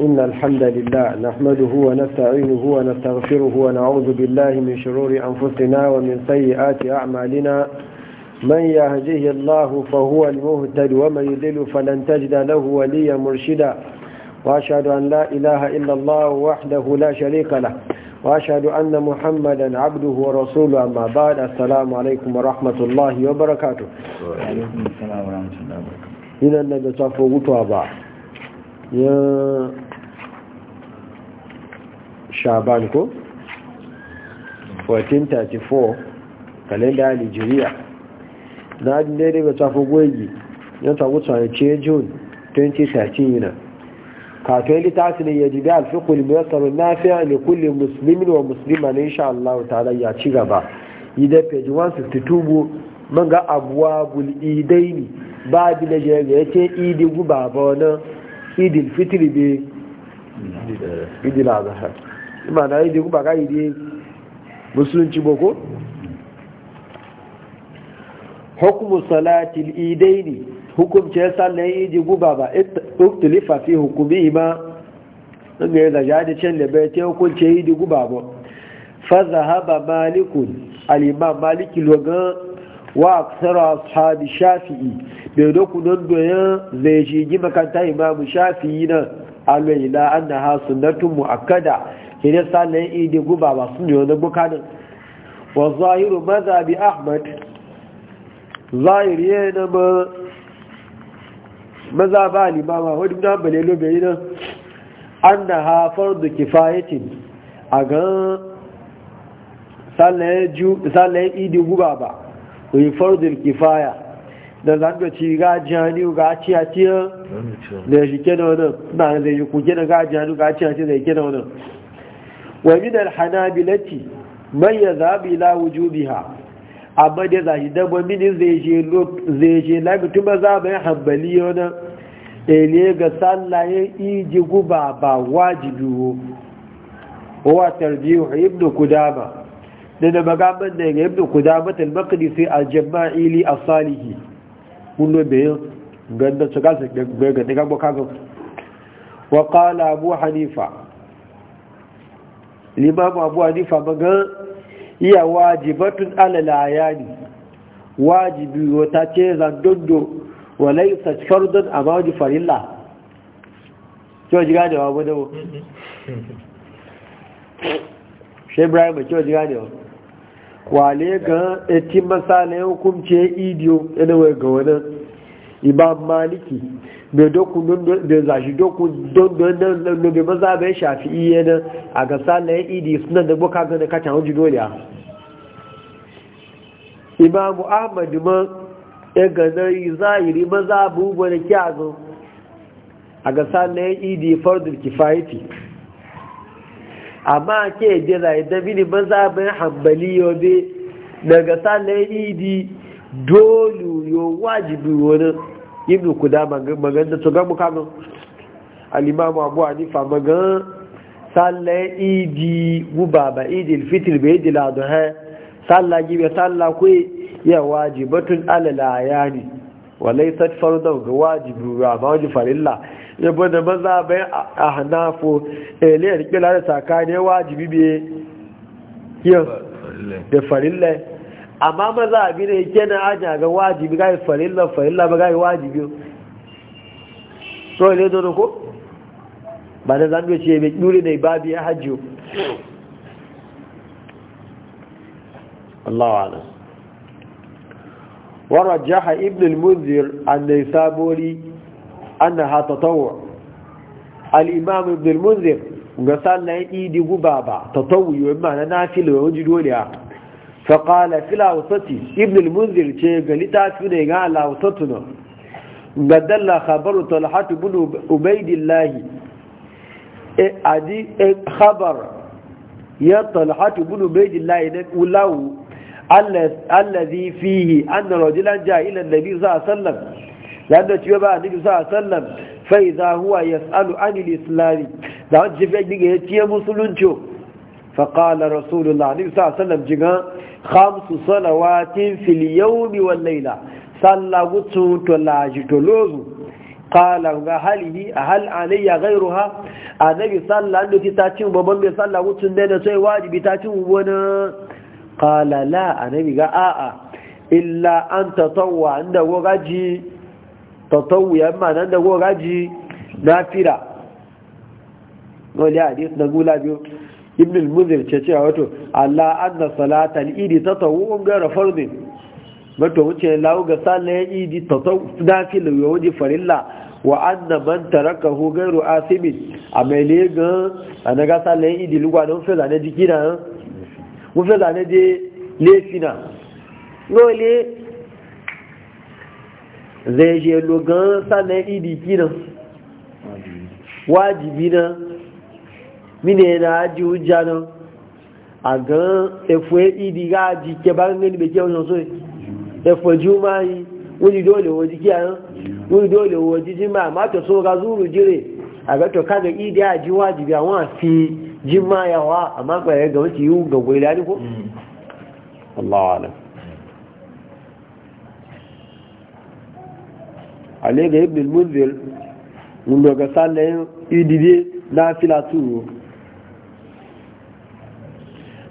إن الحمد لله نحمده ونستعينه ونستغفره ونعوذ بالله من شرور أنفسنا ومن سيئات أعمالنا من يهديه الله فهو المهتد ومن يذل فلن تجد له وليا مرشدا وأشهد أن لا إله إلا الله وحده لا شريك له وأشهد أن محمدا عبده ورسوله أما بعد السلام عليكم ورحمة الله وبركاته وعليكم السلام ورحمة الله وبركاته هنا النبي صفوه وطوابع يا shaban ko 1434 kalenda nigeria na ne daidai ga tafi gwegi ya tafi tsarce june 2013 yana katon littafi ne ya jibi da alfikul mai yasaru na a ne kulle musulmin wa musulmi na insha Allah ta'ala ya ci gaba yi da page 162 man ga abuwa bul'idai ne ba bi da jere ya ce idi guba ba wani idil fitri bi idil azahar ma na yi da kuma ka yi da musulunci boko hukumu salatil idaini hukumce sallan idi guba ba uktulifa fi hukumi ma inda ya zaja da can labai ta hukunce idi guba ba faza haba malikun alimam maliki logan wa aksara sahabi shafi'i bai don doyan zai shigi makanta imamu shafi'i na alwai na an na tun mu'akkada sai sallan idi guba ba sun yi wani bukanin wa zahiru mazabi ahmad zahiri ya na ma maza ba limama wadda na bale lobe yi na an na hafar da kifayetin a gan sallan idi guba ba wai fardul kifaya da zangaci gajiyani ga ciyaciyar da shi kenan wani na zai yi kuke da gajiyani ga ciyaciyar da ya kenan wani. wa min alhanabilati man yadhhabu ila wujubiha amma da zai dabo min zai je zai je la mutuma za bai hanbali yana ele ga sallaye iji guba ba wajibi wa tarjihu ibnu kudama da magaban da ga ibnu kudama al-jama'i li kullu bayan ganda ga ga ga ga ga hanifa limamu abu hanifa magan iya wajibatun alala yani wajibi wata ce zandondo walai sashfar don a mawaji farilla kyau ji ganewa wadda wu shi ibrahim kyau ji ganewa wale ga etin masala ya hukumce idiyo yana wai ga wani imam maliki bai doku da zashi doku don da maza bai shafi iya nan a ga ya idi suna da buka gana kacan wajen dole a imamu ahmadu ma ya ganari zahiri maza abubuwa da kyazo a ga ya idi fardul kifayeti amma ke jira idan mini maza bai hambali gasa na ya idi dole yau wajibi wani ibnu kudama magan da to gamu kanu al-imam abu hanifa magan salla idi gubaba idi al-fitr bi idi al-adha salla gibe salla ku ya wajibatun alala yani walaysat fardu ga wajibu ba wajibu farilla yabo da maza bayan ahnafu ele rike la da sakane wajibi bi yau da farilla amma ma za a bi ne gina a ga wajibi ga yi farilla farilla ba ga yi wajibi so ile zoro ko ba da zambia ce mai ɗuri ne babu ya hajjiyo Allah wa nan wara jaha ibn al-muzir an da ya an da hata tawo al-imam ibn al-muzir ga sallan idi guba ba ta tawo yi wani ma na nafi lura wajen doliya faƙala filawusati ibn al-munzir ce ga littafi ne ga alawusatu nan ga dalla khabaru talhatu bin ubaidillahi adi khabar ya talhatu bin ubaidillahi na ulawu allazi fihi anna rajulan jahilan nabi sallallahu alaihi wasallam yadda ciwo ba nabi sallallahu alaihi wasallam fa idza huwa yas'alu anil islami da wajibi ga yace musulunci فقال رسول الله عليه وسلم جنا khamsu salawatin fil yawmi wal layla sallagutu to laji to lozu qala ga halihi hal alayya ghayruha annabi sallallahu alaihi ta cin babban bai sallagutu ne da sai wajibi ta cin wani qala la annabi ga a'a illa an tatawwa inda gogaji tatawuya ma nan da gaji nafira wani hadith na gula biyu ibn al-muzir ce ce wato ala anna salata al-idi tatawwu'un ghayra fardin mato wuce lawo ga sallan idi tatawwu dafilu yawaji farilla wa anna man tarakahu gairu asimin amele ga anaga sallan idi lugwa don fe zane jikina mu fe zane de lefina lole zai je lugan sallan idi kina wajibi na mine na aji hujja na a gan efu idi ga ji ke ba ngani be ke so efu juma yi wuri dole woji ke an wuri dole woji ji ma to so ga zuru jire a ga to kaga idi a ji wajibi wani fi jima ya wa amma ba ya ga wuce yu ga goyi ni ko mm. Allah alam ale ga ibn al-munzir mun daga sallayin idi na filaturo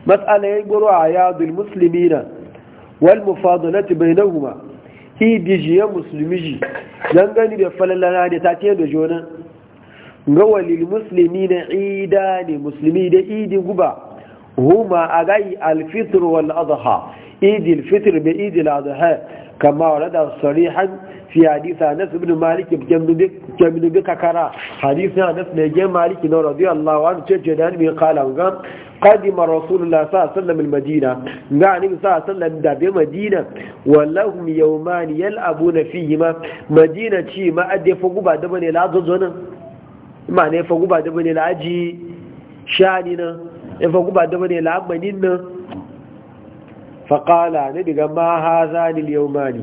مسألة يقول عياض المسلمين والمفاضلة بينهما هي ديجي مسلمي dangane da falalana da ta ce da jona ga walil musulmi na ida ne musulmi da idi guba huma a gai alfitr wal adha idi alfitr bi idi al adha kama warada sarihan fi hadisa anas ibn malik kemnu bi kakara hadisa anas ne gen malik na radiyallahu anhu ce ce da ga qadima rasulullah sallallahu alaihi wasallam almadina ga ni sallallahu alaihi da bi ma madina ci ma adde fugu ba da bane la zozo la aji shani nan in fugu ba da bane la amanin nan فقال نبي ما هذان اليومان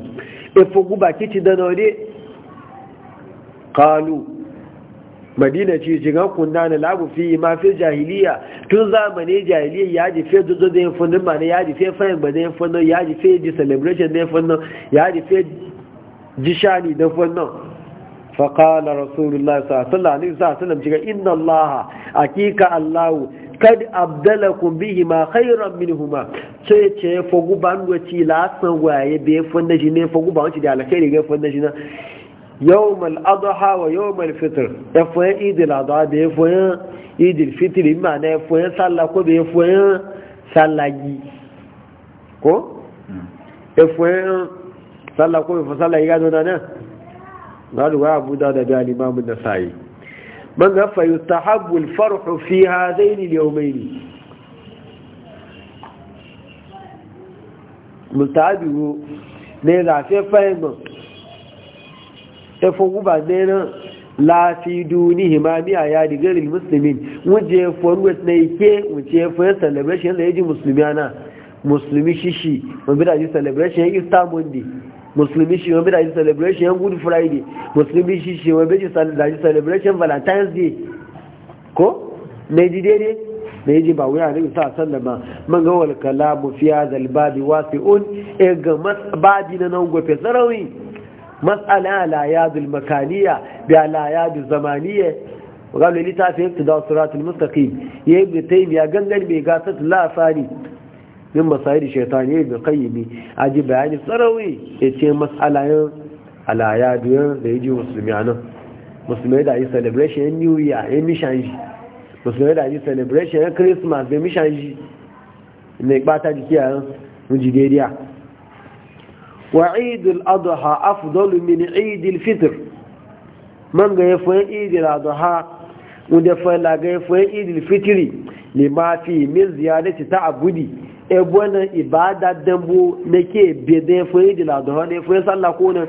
efogu guba kici da naure kalu madina ce shigan kunna na lagu fi ma fi jahiliya tun zamanin jahiliya ya ji fe dodo da yanfon ma mana ya ji fe fayin ba da yanfon nan ya ji fe ji celebration da yanfon nan ya ji fe ji shani da yanfon nan faƙala rasulullah sallallahu ne wasallam cika, inna allaha akika allahu kad abdalakum bihi ma khairan minhuma sai ce fogu la san waye be ne fogu da ga na man ga fa yustahabbu al-farhu fi hadaini al-yawmayn mutabiru ne da fe fayin e fo guba ne na la fi dunihi ma biya ya digar muslimin wuje fo ruwet ne ke wuje fo celebration da yaji muslimana muslimi shishi mun bi da celebration Easter Monday musulmi shi wani daji celebration good friday musulmi shi shi wani daji celebration valentine's day ko mai ji daidai mai ji ba wuya ne sa san da ma man ga wal kalamu fi hadha al babi wasi'un e ga babi na nan gofe sarawi mas'ala la yadul makaniya bi la yadul zamaniya ga ta fi iqtida siratul mustaqim yayi bi taymiya gangan bai gasat la fani min masayid ya bi qayyim aji bayani sarawi ce masalayan alaya biyan da yaji musulmi nan musulmai da yi celebration new year ya eh, mishanji musulmai da yi celebration ya christmas ya eh, mishanji na ikpata jiki a nigeria wa idil adha afdalu min idil fitr man ga yafi idil adha wanda fa la ga yafi idil fitri ma fi min ta abudi ebwana ibada dambu na ke bede foye di la dɔrɔn ne foye sallah kuna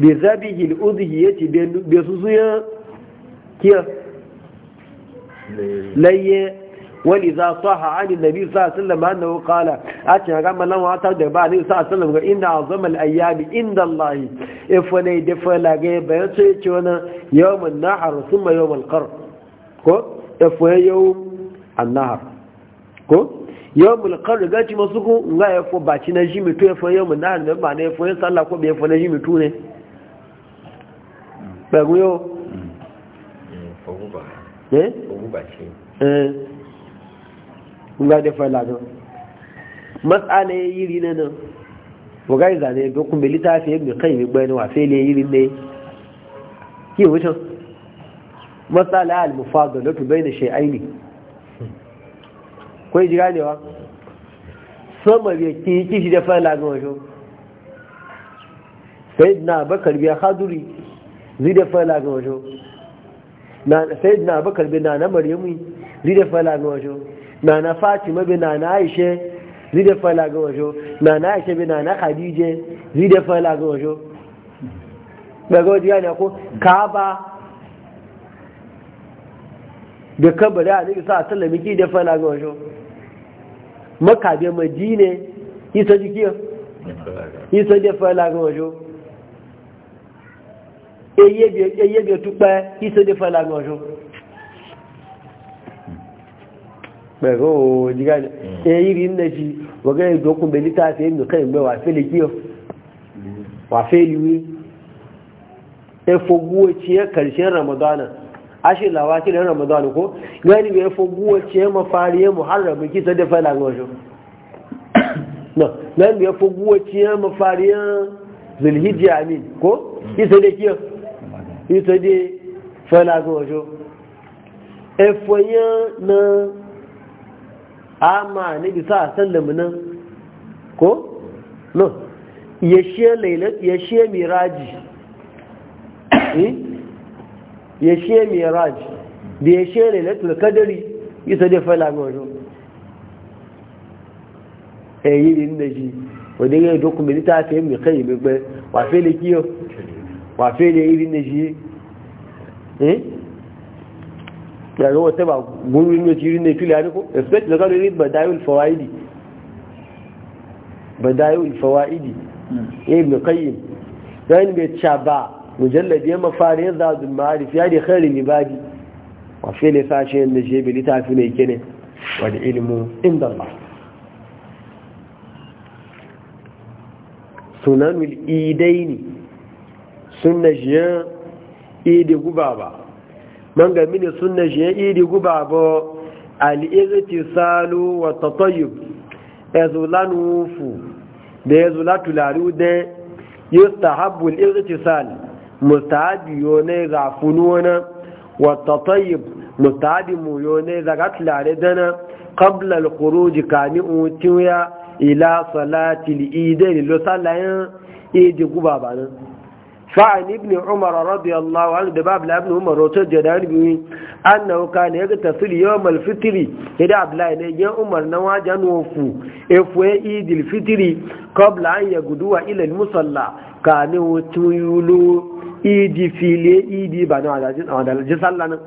bi zabi hil udhiye ti be susu ya kiya laye wani za su ha ani nabi sa sallam annahu qala a cikin ga mallan wata da ba ni sa sallam ga inda a zama ayyami inda allah ifa e ne da fa la ga bayan sai ce wannan yawmun nahar thumma yawmul qar ko ifa e yawm an nahar ko yau mulkar riga ci masu ku nga ya fo baci na ji tu ya fo yau mun na da ba na fo yin sallah ko bai fo na ji tu ne ba gu yau hmm, eh eh? eh nga da fa lado mas'ala ya yiri ne nan wa ga zane ga kun bi litafi ibn qayyim bayan wa sai le yiri ne ki wucin mas'ala al-mufadalatu bayna shay'aini kwai ji ganewa sama bai ki kishi da fara ga wajo na bakar biya haduri zai da fara ga wajo na sayyidina bakar biya na na maryamu zai da fara ga wajo na na fatima bai na na aisha zai da fara ga wajo na na aisha bi na na khadija zai da fara ga wajo daga wajen yana ko kaba da kabari a nufisa a tallamiki da fana ga wajen makabe madine isa jikiya isa je fala ga ojo eye bi eye bi tupe isa je fala ga ojo pero diga hmm. e yiri nneji waga e dokun be lita se mi kan gbe wa fele kiyo wa fele wi e fogu e karshen ramadana ashe lawa da ramadan ko gani bai fo guwa ce ma fariye muharram ki ta da fala no gani ce ma fariye zulhijja amin ko ki ta da kiyo ki ta da fala ngosho e foye na ama ne bi sa sallamu nan ko no yashe lailat yashe miraji eh ya she miraj da e e? ya she kadari isa dai fala ga wajen yi da shi ya ta mai kai mai da kiyo da da shi eh wata ba gurin fili expect da fawaidi fawaidi mai kai dan bai caba mujallad ya mafari ya zadun ma'arif ya da kharin ibadi wa fi ne sashe yadda shebe littafi ne ke ne wa da ilimin inda Allah sunanul idai ne sunna shiyan idi guba ba man gami ne sunna shiyan idi guba ba al'irti salu wa tatayyub ezulanu fu da ezula tulari da yustahabbul irtisal mutaadiyo ne ga funuwana wata tayyib mutaadimu yo ne ga gatlare dana ƙablar kuro jikani otin ya ila salati idari losalayen idi guba ba nan fa’an ibn umar radiyallahu anhu da babu labin umar roto jada ribiwi an na wuka ne ya ga tasiri ya da abu lai umar na waje e an wofu efu ya yi dilfitiri an ya guduwa ilil musalla ka ne wutu idi file idi ba na wadalajin sallah nan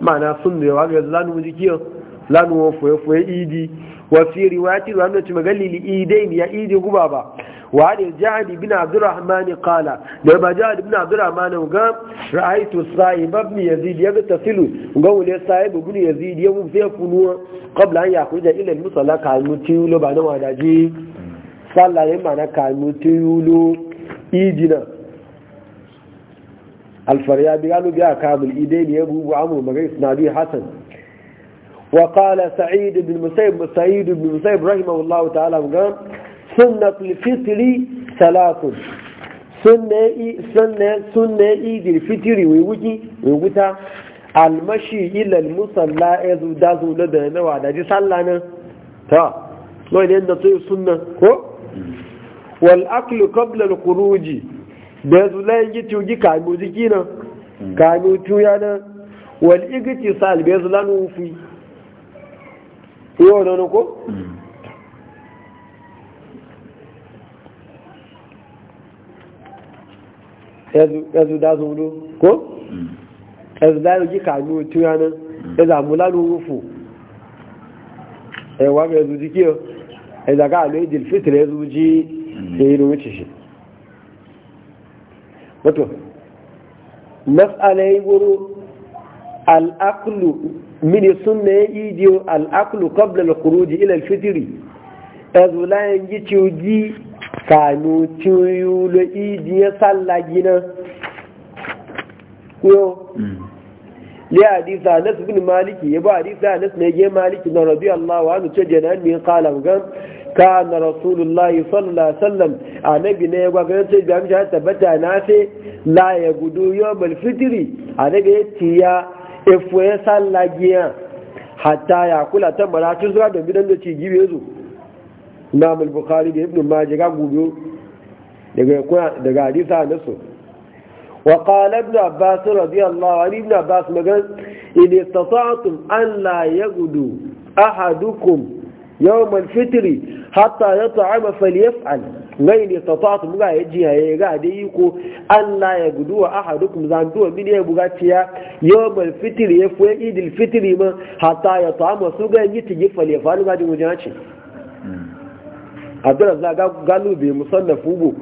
ma'ana sun da yawa ga lanu jikiyo lanu wa fuye-fuye idi wa fi riwayati wa annati magalili idain ya idi guba ba wa ali ja'd ibn abdurrahman qala da ba ja'd ibn abdurrahman ga ra'aytu sa'ib ibn yazid ya tasilu ga wule sa'ib ibn yazid ya mufe kunuwa qabla an yakhruja ila al-musalla ka mutiyulo ba na wadaji sallaye mana ka mutiyulo idina الفريا قالوا بها كامل إيدين يبو عمرو مقيس نبي حسن وقال سعيد بن مسيب سعيد بن مسيب رحمه الله تعالى قال سنة الفطر ثلاث سنة سنة سنة عيد الفطر ويوجي ويوتا المشي إلى المصلى إذ دازو لده وعدا دي صلانا تا لو يدين نطيب سنة والأكل قبل الخروج da zulayen ji tuji kami jiki nan mm. kami tuya nan wal igiti sal bai zula nun fi yau nan ko yanzu da zulu ko mm. yanzu da ji kami tuya nan ya mm. zamu lanu rufu ewa ga yanzu jiki yau ya zaga a lojil fitir ya zuji ya yi rumuci shi wato mas'ala yi wuru al'aklu mini sunna ya diyo al'aklu qabla al-khuruj ila al-fitr azulayan gi ciuji kanu ciuyu lo idiya gina kuyo hmm. li hadisa Anas bin Maliki ya ba hadisa Anas na ya Maliki na rabi radiyallahu anhu ce jana min qala gan كان رسول الله صلى الله عليه وسلم النبي ne ya gwagwa sai da amsa tabbata na sai la ya gudu yawmal fitri annabi ya tiya efu ya sallagiya hatta ya kula ta maratu zuwa da bidan da ci gibe zu Imam al-Bukhari da Ibn Majah ga gudu daga daga hadisa nasu وقال ابن عباس رضي الله عنه ابن عباس مجال إن استطعتم أن لا يجدوا أحدكم yawon malfitiri hatta ya ta'ama falyaf'al ngai ne ta ta mu ga yaji ya ga da yi ko Allah ya gudu wa ahadukum zan duwa min ya bugatiya yawon malfitiri ya fuye idil fitiri ma hatta ya ta'ama su ga yi tigi falyaf'al ga jin wajen ce Abdullah ga galube musallafu bu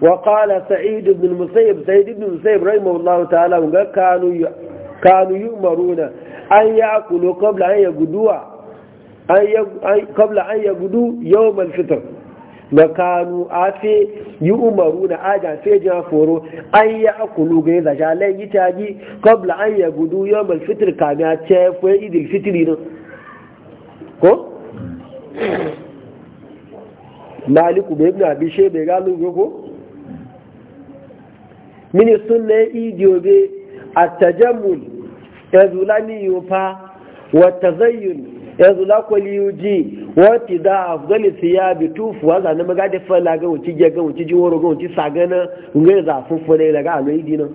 وقال سعيد بن المسيب سعيد بن المسيب رحمه الله تعالى كانوا كانوا يؤمرون an ya kulo kabla an ya guduwa kabla an ya gudu yau malfitar na kanu a fe yi umaru na ajan sai jan foro an ya akulu ga yi zasha lai yi ji kabla an ya gudu yau malfitar kami a ce fuwa idil fitiri nan ko? maliku bai na bi she bai galu ga ko? mini yi idiyo bai a tajammul ya zula mi yi wufa wata zayyun ya zula kwali ji wata da afghani su ya bi tufu wa zane maga da fala ga wuce ga ga wuce jiworo ga wuce sa gana ga za a fufu ne daga ala na. dina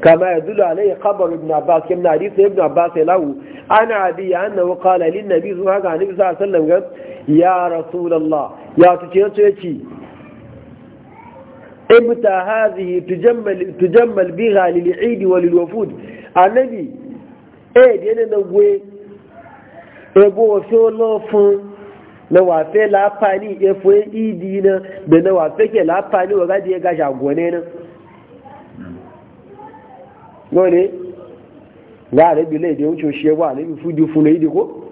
kama ya zula ne ya kabar ibn abbas kim na hadisa ibn abbas ya lawu ana abi ya hannu wa kala lin nabi zuwa ga nabi sa sallam ga ya rasulallah ya tuce ya tuce ci imta hazihi tujammal biha lil'idi wa lil anabi ee deɛ ne na we ebo ofe olofun na wafe lafani efo idi na de na wafe ke lafani wa gadi ya gashi agwane na gole ga arabi bi da ya wuce shi ya ba anabi fudu funu idi ko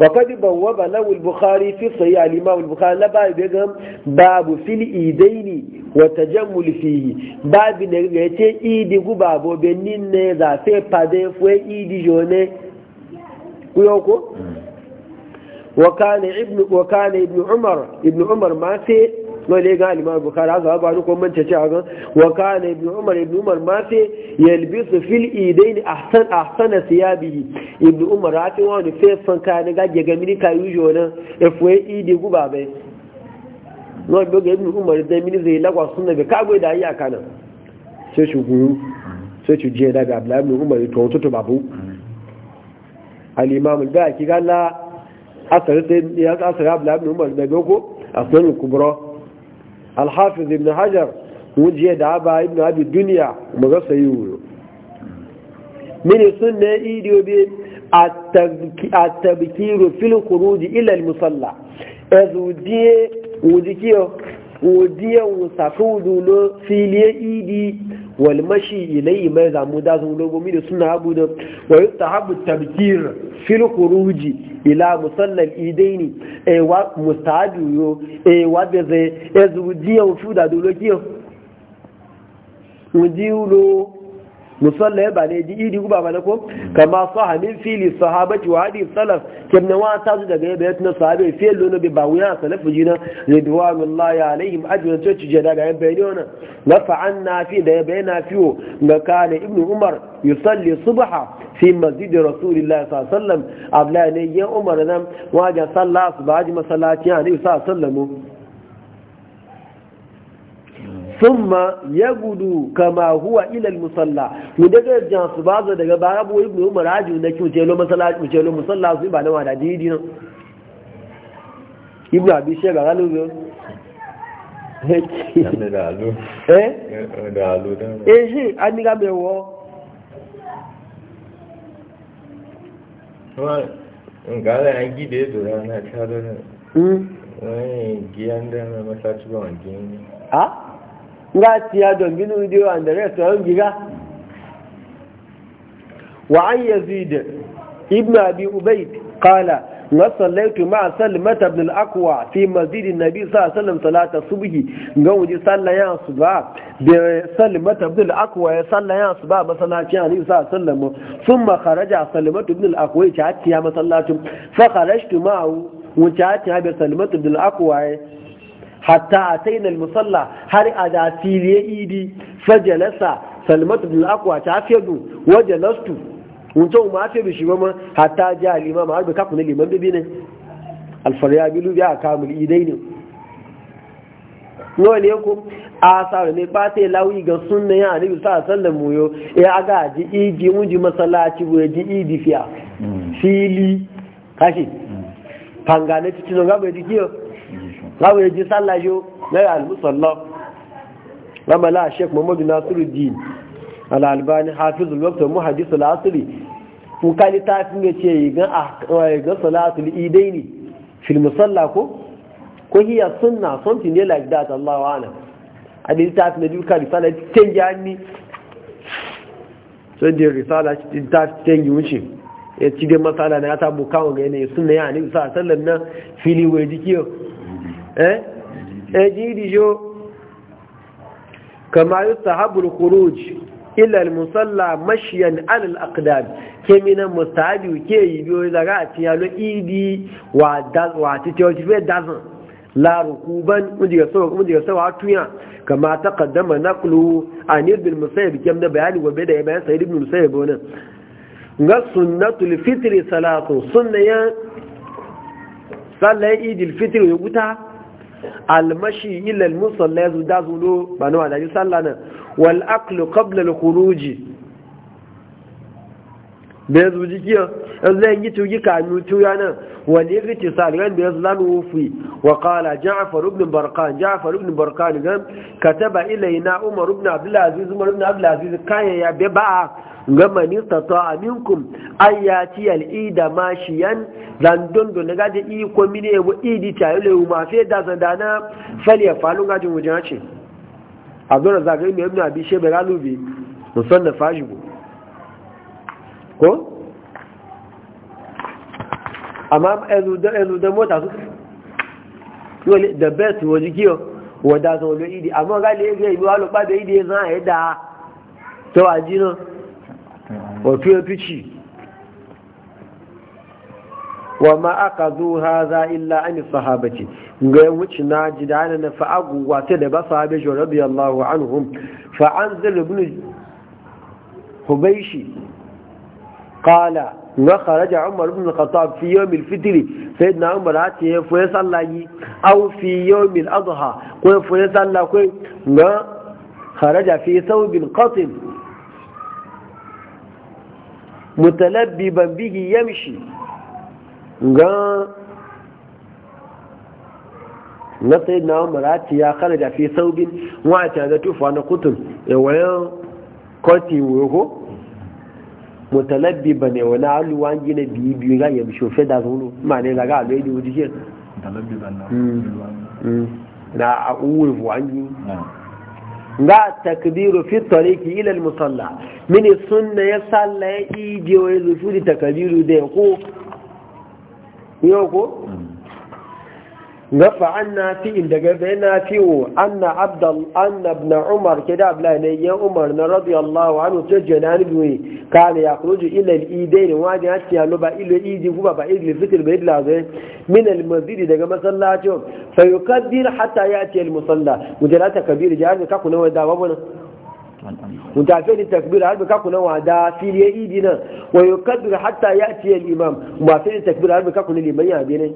وقد بوب له البخاري في صحيح الإمام البخاري لا باب باب في الإيدين وتجمل فيه باب نغيتي إيدي باب وبنين نيزا في بادين فوي إيدي جوني ويوكو وكان ابن وكان ابن عمر ابن عمر ما في wale ga alimar bukari haka ba duk wani ce a ga wa na ibn umar ibn umar ma sai su fil a sana siya biyi ibn umar fi wani fesan kayan ga ga mini kayu jona efwe idi guba bai no bi ga ibn umar da mini zai lagwa sunna be kago da yi akana sai shugu sai je da abdullahi ibn umar to to babu al imam asar da ibn umar da gogo asar الحافظ ابن حجر وجه دابا ابن ابي الدنيا مغصى يقول من السنة ايدي وبين التبكير في الخروج الى المصلى اذو دي وذكيه odiyan safudu lo filiye idi wal mashi ilayhi mai zamu da sun logo mi da suna abu da ta yustahabu tabkir fil khuruji ila musallal idaini e wa mustahabu yo e wa da zai e zudiyan fuda dulo kiyo udiulo musalla ya bane ji iri guba bane ko kama saha min fili sahabati wa hadi salaf kemna wa ta zu daga yabe na sahabe fiye lono bi bawuya salafu jina ridwanullahi alaihim ajrun to ci jada ga yabe ne wannan na fa'anna fi da yabe na fiwo ga kana ibnu umar yusalli subha fi masjid rasulillahi sallallahu alaihi wasallam abla ne ya umar nan wajen sallah subha ji masallaci ne sallallahu alaihi wasallam thumma gudu, kama huwa ilal musalla mu daga jan su bazo daga bara boye ibnu umar aju na ki mutelo masallaci mutelo musalla su ba na wada didi nan ibnu abi shega galu yo eh dalu eh shi ani ga bewo wa ngala angi de do na ta do na mm wai giyan da masallaci ba wani ha ngati ya don binu dio and to ngiga giga wa an yazid ibn abi ubayd qala wa sallaitu ma salmat ibn al-aqwa fi masjid an-nabi sallallahu alaihi wasallam salat as-subh ga wuji ibn al-aqwa ya sallaya subha masallacin annabi sallallahu alaihi wasallam thumma kharaja hatta ataina al-musalla har a da filiye idi fajalasa salmatu bin akwa ta fiye wajalastu wuce ma fiye shi ma hatta ja al-imam har baka na liman bibi ne al-faryabilu ya kamul idai ne nawa ne ku a sauri ne ba ta lawi ga sunna ya annabi sa sallan mu yo ya aga ji idi mun ji masallaci bu ji idi fiya hmm. fili kashi fangane hmm. titin ga bai dikiyo láwọn èdè sálàyó lẹ́yà alùsọ̀lọ́ lámàlá sheik muhammadu nasiru din al'albani hafizu lọ́pọ̀ muhadisu lásìrì fukali ta fi ne ce igan salatul idai ne filmusalla ko sunna ne ana adil na ya ni da ta fi wuce ya ci dai matsala na ya tabu kawo ga yanayi suna, ya ne sa na fili wai eh ejidijo eh, kama yustahabu al-khuruj ila al-musalla mashyan ala al-aqdam kemina mustahabi ke yibo daga ati yalo idi wa daz wa ti to ti fe dazan la rukuban mujiga diga so mun diga so atuya kama taqaddama naqlu an ibn musayyib kam da bayani gobe da bayan sayyid ibn musayyib wannan ga sunnatul fitr salatu sunnayan sallai idil fitr ya المشي إلى المصلى يزداد له بنوع لا يصلى والأكل قبل الخروج da ya zuji kiyar in zai yi tugi kanu tuya nan wani ya fice salihan da ya zulani wufi wa kala ja'afar ibn barkan ja'afar ibn barkan gan ka taba kataba ilaina umar ibn abdulaziz umar ibn abdulaziz kayan ya be ba a ga man istata minkum ay yati al ida mashiyan zan don don gaji da komi ne yabo idi tayo lewu ma fe da zanda na faliya falun gajin wajen ce a jin wujaci abdurrazak ibn abi shebe ralubi musamman fashibu ko amma ẹnu da mota su da best wọ́n kíyọ wọ́n dá sọ olóyìn ìdí àmọ́ ọ̀gá lè gẹ́ ìlú alùpàdé ìdí ẹ̀sán ẹ̀dá tó àjí náà ọ̀tún ẹ̀pìchì wọ́n ma aka zo ha za illa ani sahabaci ga na ji da ana na fa'aguwa ta da ba sahabe shi rabi fa'an zai قال وخرج عمر بن الخطاب في يوم الفتر سيدنا عمر هاتي فوي صلى او في يوم الاضحى كو فوي صلى كو خرج في ثوب قطن متلببا به يمشي غا نتي نا مراتي يا خرج في ثوب واتى ذا tufa قطن kutun كوتي وهو mutalabbi ba ne wani aluwa gina biyu biyu ga yabi shofe da zuru ma ne daga aluwa da wuce ke mutalabbi ba na mm. mm. a wa an yi ga takbiru fi tariki ila musalla mini sunna ya salla ya ije wa ya zufu da takbiru da ya ko yau ko mm. نفع عنا في إن دقبنا فيه أن عبد أن ابن عمر كذا بلا نية عمر رضي الله عنه تجنا نبوي قال يا يخرج إلى الإيدين وادي أشياء لبا إلى إيدي فبا بعيد الفطر بعيد لازم من المزيد دقب مصلى فيقدر حتى يأتي المصلى مجلات كبير جاهز كأكون هو دوابنا متعفين التكبير هل بكأكون هو دا في الإيدين ويقدر حتى يأتي الإمام متعفين التكبير هل بكأكون الإمام يا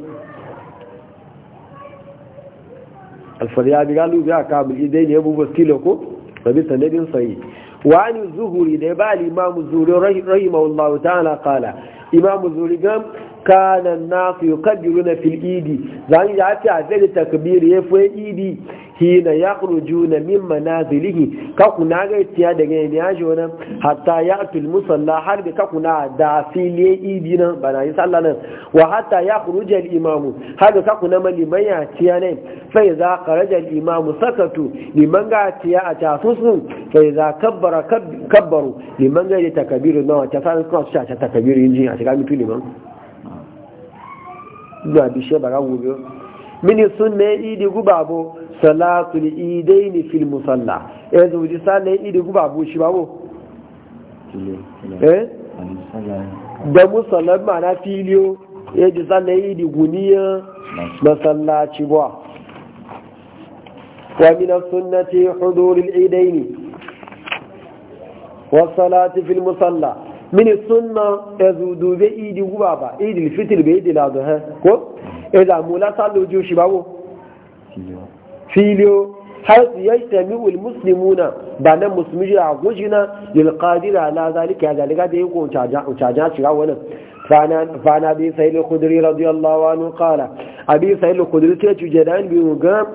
alfaryabi galu biya ka bil idai ne bubu kilo ko rabi sanadin sahi wa an zuhuri da ba al-imam zuhuri rahimahullahu ta'ala qala imam zuhuri gam kana an-nas yukabbiruna fil idi zan ya ta da takbir ya fi idi hina ya kuruju na min manazilihi ka kuna gaitiya daga yin yaji wani hatta ya atul musalla har da ka kuna da filiye idi nan ba na yi sallah wa hatta ya kuruja imamu har da ka kuna maliman ya tiya ne sai za karaja imamu sakatu liman ga tiya a tasusun sai za kabbara kabbaru liman ga yi takabiru na wata sanin kuma su shace takabiru yin ji a shiga mutu liman. Ina bishe ba ran gobe. Mini sun ne idi gubabo salatul idaini fil musalla eh zuji sallan idi guba bu shi babu eh da musallan ma na filiyo eh ji sallan idi guniya masallaci ba wa min as-sunnati hudur al-idaini wa salati fil musalla min as-sunna azudu eh, bi idi guba ba idi al-fitr bi idi al-adha eh, ko eh da mula sallu ju shi babu filiyo har su yi tamiwul muslimuna ba na musulmi a gujina lilkadira na zalika ya zalika da yi ko cajan shiga wani فعن أبي سيد الخدري رضي الله عنه قال أبي سيد الخدري تيجي جدان بمقام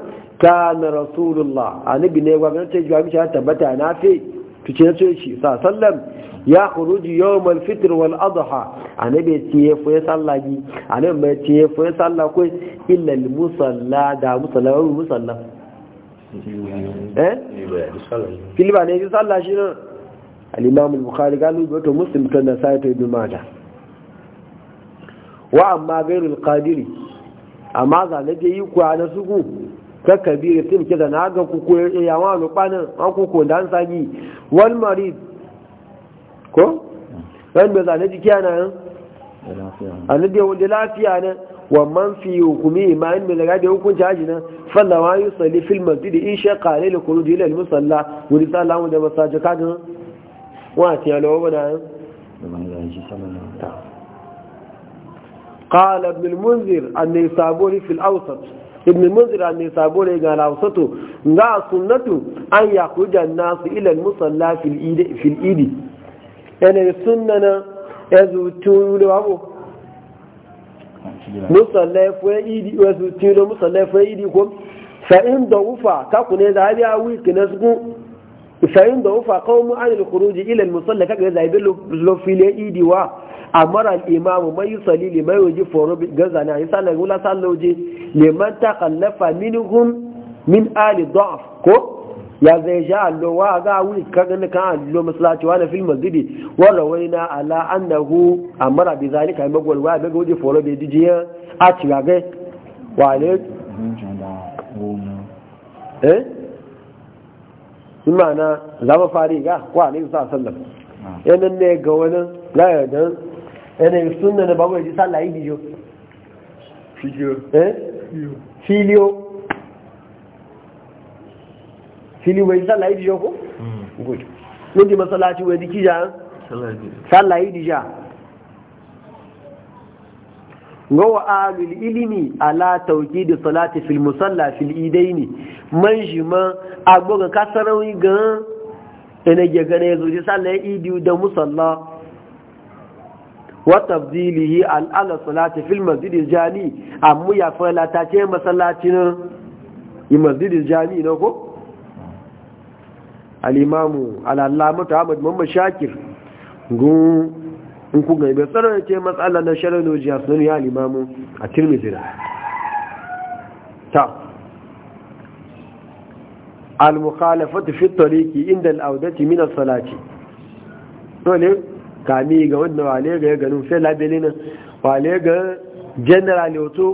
كان رسول الله أنا بني وقال تيجي وقال تبتع نافي tuce ce shi sa sallam ya kuruji yawmal malfitir wal adha annabi ce ya fa sallagi annabi bai ce ya fa salla ko illa musalla da musalla wa musalla eh filiba ne yi salla shi ne al bukari galu bukhari galu wato muslim to na sai to ibn majah wa amma ghairul qadiri amma zalaje yi ku na suku kakkabi da tim da na ga kuku eh, ya wa lupanin an kuku da an sagi wal marid ko wani mai zane jiki ana yan a nadi wanda lafiya ne wa man fi hukumi ma in mai daga hukunci haji nan falla ma yi salli fil masjid in sha kare da kuru jilal musalla wuri sa mu da masaji kajin wa ti lawa ba da yan قال ابن المنذر أن يصابوني في الأوسط ibn munzir ne sabo ne ga lausatu ga sunnatu an nasu ila musalla fil idi fil idi yana sunnana fa idi yazutu da fa in da ufa ka kune da hali a wiki na su fa in da ufa qawmu an al khuruj ila al musalla kaga zai bi lo fil idi wa amara al-imam man mai liman foro gaza na yasa la gula salloje liman taqallafa minhum min ali dof ko ya zai sha allo wa ga wuri kagan kan allo masallaci wa na fil masjidi wa rawaina ala annahu amara bi zalika magwal wa ga wuri foro be ya a tiga ga wa ne eh imana zama fari ga wa ne sa sallam yanan ne ga wani la da. ẹni súnnà ní bàbá ìdí sálà ìdí yóò fílíò fílíò ìjí sálà hmm. ìdí yóò ìdíjò kó? good lójí masalaci wẹ̀ di kíjà sálà ìdí ìdíjà gọ́wọ́ alul ilimi ala tauki da salati fil musalla fil idaini man shi ma agbogan kasarawi gan ina gegana ya zoji sallar idiyu da musalla wa tabdilihi al ala salati fil masjidil jami amma ya fala ta ce masallacin yi masjidil jami ne ko al imamu al allama ahmad muhammad shakir gun in ku ga bai tsara ce matsala na sharar jiya sunan ya al imamu a tirmidhi ta المخالفة في الطريق عند الأودة من الصلاة. وليه؟ kami ga wanda wale ga ganin fe labeli na wale ga general yoto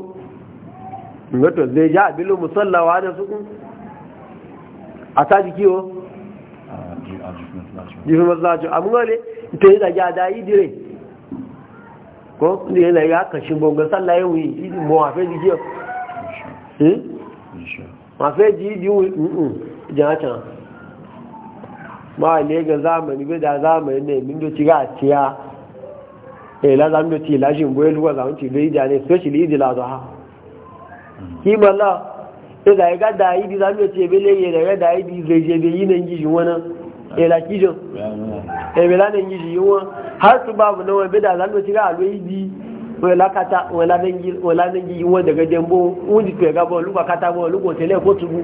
wato zai ja abilu musallawa da su a ta jiki o jifin masalacin wale ita yi zage a dayi dire ko ne yana yi haka shi bongon sallayen wuyi idi mo a fe jiki o ma hmm? fe ji idi wuyi jana cana. ma ne ga zamani bai da zamani ne min do tiya e eh, la zam do la jin boye luwa zam ci bai da especially idi la ha ki mala e da ga da idi zam do ci e bele da ga da idi zai je bai yi nan e eh, la e har su babu nawa bai da ga idi kata daga dembo wundi to ga bo kata bo tele ko tubu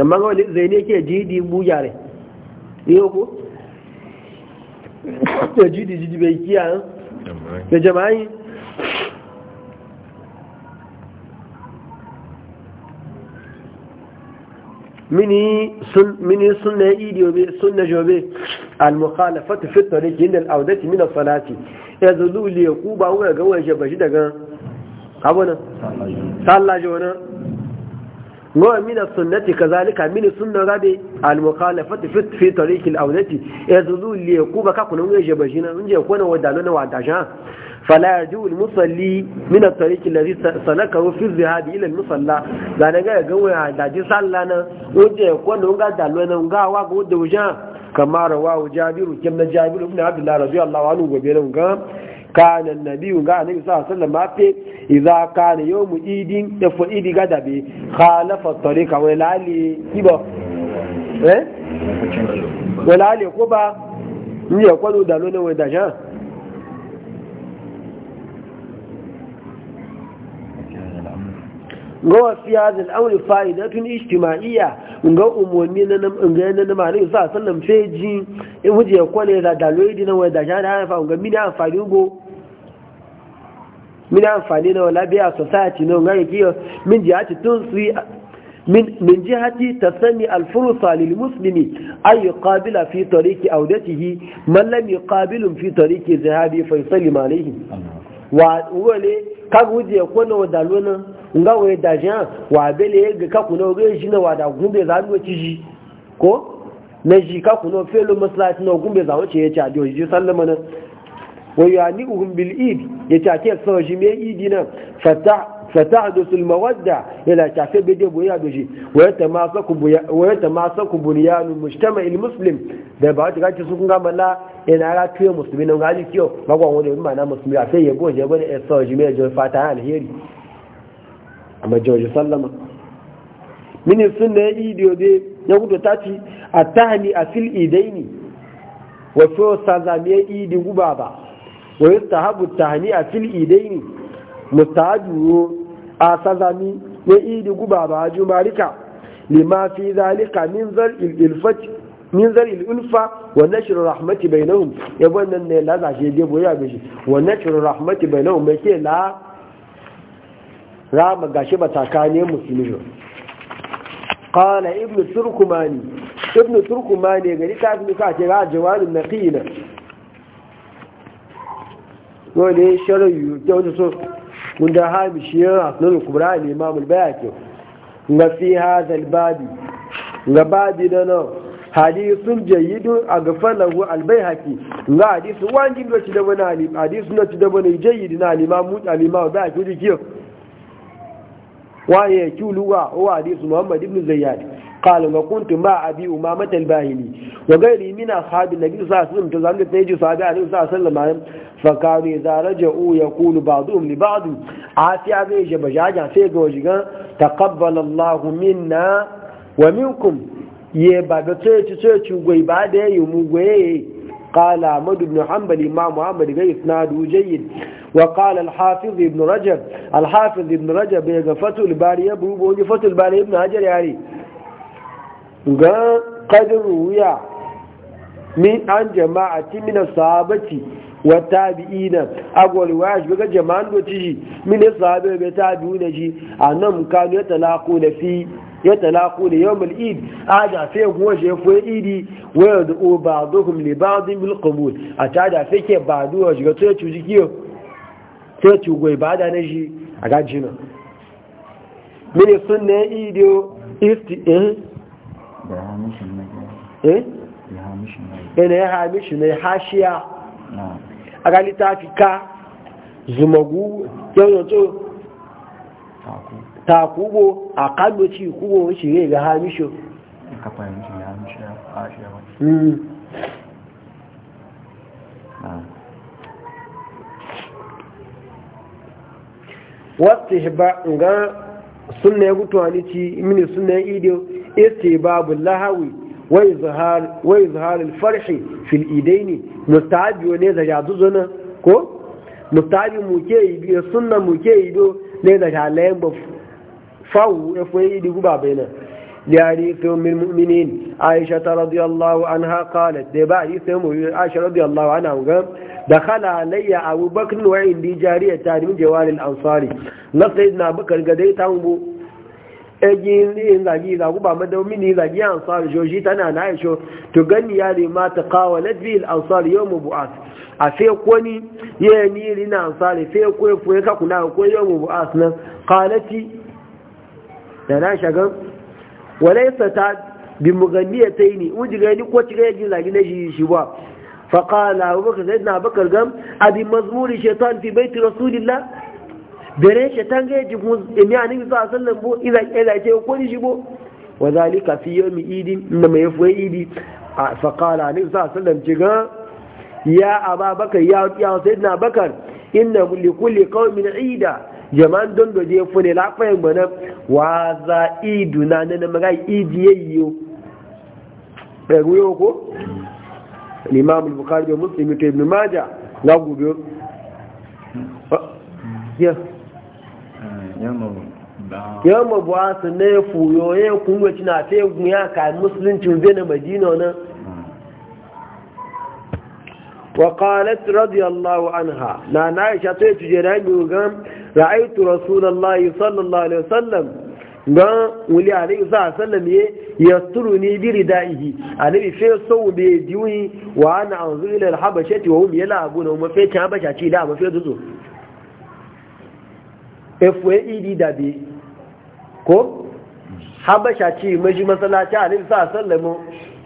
amma ga wani zai ne ke jidi buya ne ne ku? ta jidi jidi bai kiya ne? Eh? jama'i mini suna sunna idiyo suna jobe al-mukhalafatu fi tariqi inda al mina min ya zulu liya ku ba wa ga wajen bashi daga abunan? sallaje wannan wa min as-sunnati kazalika min sunna rabi al-mukhalafati fi fi tariq al-awlati yazulu li yakuba ka kunun yaje bashina unje ko na wadalo na wadasha fala ya yaju al-musalli min at-tariq sanaka salakahu fi dhahab ila al-musalla zane ga ga wa daji salla na unje ko na ga dalo na ga wa go da wuja kamar rawahu jabiru kimna jabiru ibn abdullah radiyallahu anhu gobe na ga kana nabiyu ga annabi sallallahu alaihi wasallam mafe idza kana yawmu idin da fa idi gada be khalafa tariqa wa kibo eh wa ko ba ni ya kwado da lona wa da sha gowa fi hadha al-amr fa'idatun ijtima'iyyah nga umarni na nga na na mari sa sallam feji in huje ya kwane da daloidi na wai da ja da haifa nga mini amfani ugo mini amfani na wala biya society na nga kiyo min jihati tunsi min min jihati tasani alfursa lil muslimi ay yuqabila fi tariqi awdatihi man lam yuqabilu fi tariqi zahabi fa yusallim alayhi wa wale kagu je kwane da lona nga wai da jiya wa bele ga ka kuno ga shi na wa da gumbe za mu ci shi ko na shi ka kuno felo maslahati na gumbe za mu ci ya ci adiyo ji sallama na wa ni uhum bil id ya ta ke so ji me idi na fata fatahdusu al إلى ila بدي fe bede ويتماسك doji wa yatamasaku wa yatamasaku bunyanu mujtama al muslim da ba ta gaci su kun ga mala ina ra tuye musulmi nan ga ji kiyo ba gwan wani mana musulmi a fata alheri a sallama mini sun da ya idiyo dai ya gudu ta ci a tahani a fil ne wasu yi idi guba ba ta haɓu ta tahani a fil idaini mustahaju a sazami ya yi idi guba ba a jumarika ma fi zalika min zar ilfati min zari ulfa wa nashr rahmati bainahum ya wannan ne la zashe gebo ya gashi wa nashr rahmati bainahum bai ke la Za mu gashi ba tsakanin musulmi qala ibnu turkumani ibnu turkumani gari ta fi ka ce ga jawarin naqina dole sharayu ta wani so mun da shi ya asnul kubra ne imam al bayaki ga fi hadha al babi ga babi da nan hadisun jayyidun a gafalahu albayhaqi na hadisu wani da ci da wani hadisu na ci da wani jayyidin al ba al imam bayaki waye ya kulu wa huwa hadithu Muhammad ibn Zayyad qala wa kuntu ma abi umamata al-bahili wa ghayri min ashabi nabi sallallahu alaihi wasallam tazamta yaji sahabi alaihi wasallam fa kanu idha raja'u yaqulu ba'duhum li ba'd afiya zai je bajaja sai ga wajiga taqabbal Allah minna wa minkum ye ba da tsaye tsaye ci gwai ba da yi mu gwaye قال أحمد بن حنبل ما محمد غير إسناده جيد وقال الحافظ ابن رجب الحافظ ابن رجب فتو الباري يبروبه فتو الباري ابن هجر يعني قد رويا من عن جماعة من الصحابة والتابعين أقول واش بقى جماعة من الصحابة والتابعين أنهم كانوا يتلاقون في ya talaku da yawon id a jafe kuma shefo idi wayar da ba zuhun libadin bilkabul a ta jafe ke ba duwa shiga sai cuji kiyo sai cugoi ba da na shi a gajina mini sun na idiyo isti eh eh ina ya hamishi na hashiya a galita fi ka zumagu yau yanzu ta kubo a kallo ci kubo shi ne ga hamisho wasu ba ga suna ya hmm. gutuwa ni ci mini suna ya idiyo isi babu lahawi wai zuharar farshe fil idai ne mustahabi ne da jazuzuna ko mustahabi muke ido suna muke ido ne da halayen bafu fawu ya foyi da guba bai nan yari fi min mu'minin aisha ta radiyallahu anha qalat da ba yi sai mu aisha radiyallahu anha ga dakhala alayya abu bakr wa indi jariya ta na bakar ejin zagi za ba mada mini zagi ansari joji tana na aisho. to gani ya ma ta qawalat ansari yawm bu'ath a sai kwani ya ni rina ansari sai ko ko ka kuna ko yawm bu'ath nan qalati da na shagan yasa ta bi muganniya ta yi ne in ji gani ko ci gani zagi na shi shi ba faƙala baka zai na bakar gam abin mazmuri shaitan fi baiti rasulillah bere shaitan ga yaji emi a nufi sa sallan bo iza ƙela ce ko ni shi bo wa zalika fi mi idi inda mai yafuwa idi faƙala a nufi sa sallan ci gan ya Bakar ya sai na bakar inna kawai min ida jaman dondo je fune lafayin gbana wa za idu na nana maga idi ya yiwu e, ɗaru yau ko limam bukari da musulmi ta ibn maja na gudu gobe yamma buwa su na ya fuyo ya kunwe cina ta yi gunya ka musuluncin zai na madina nan وقالت رضي الله عنها لا نعيشة تجيران يوغم ra'aitu rasulullahi sallallahu alaihi wasallam ga wuli alaihi sallam ye yasturu ni bi ridaihi annabi fe so be diwi wa ana anzu ila alhabashati wa hum yalabuna ma fe ta basha ci da ma fe duzo efwe idi dabi ko habasha ci maji masallaci alaihi sallam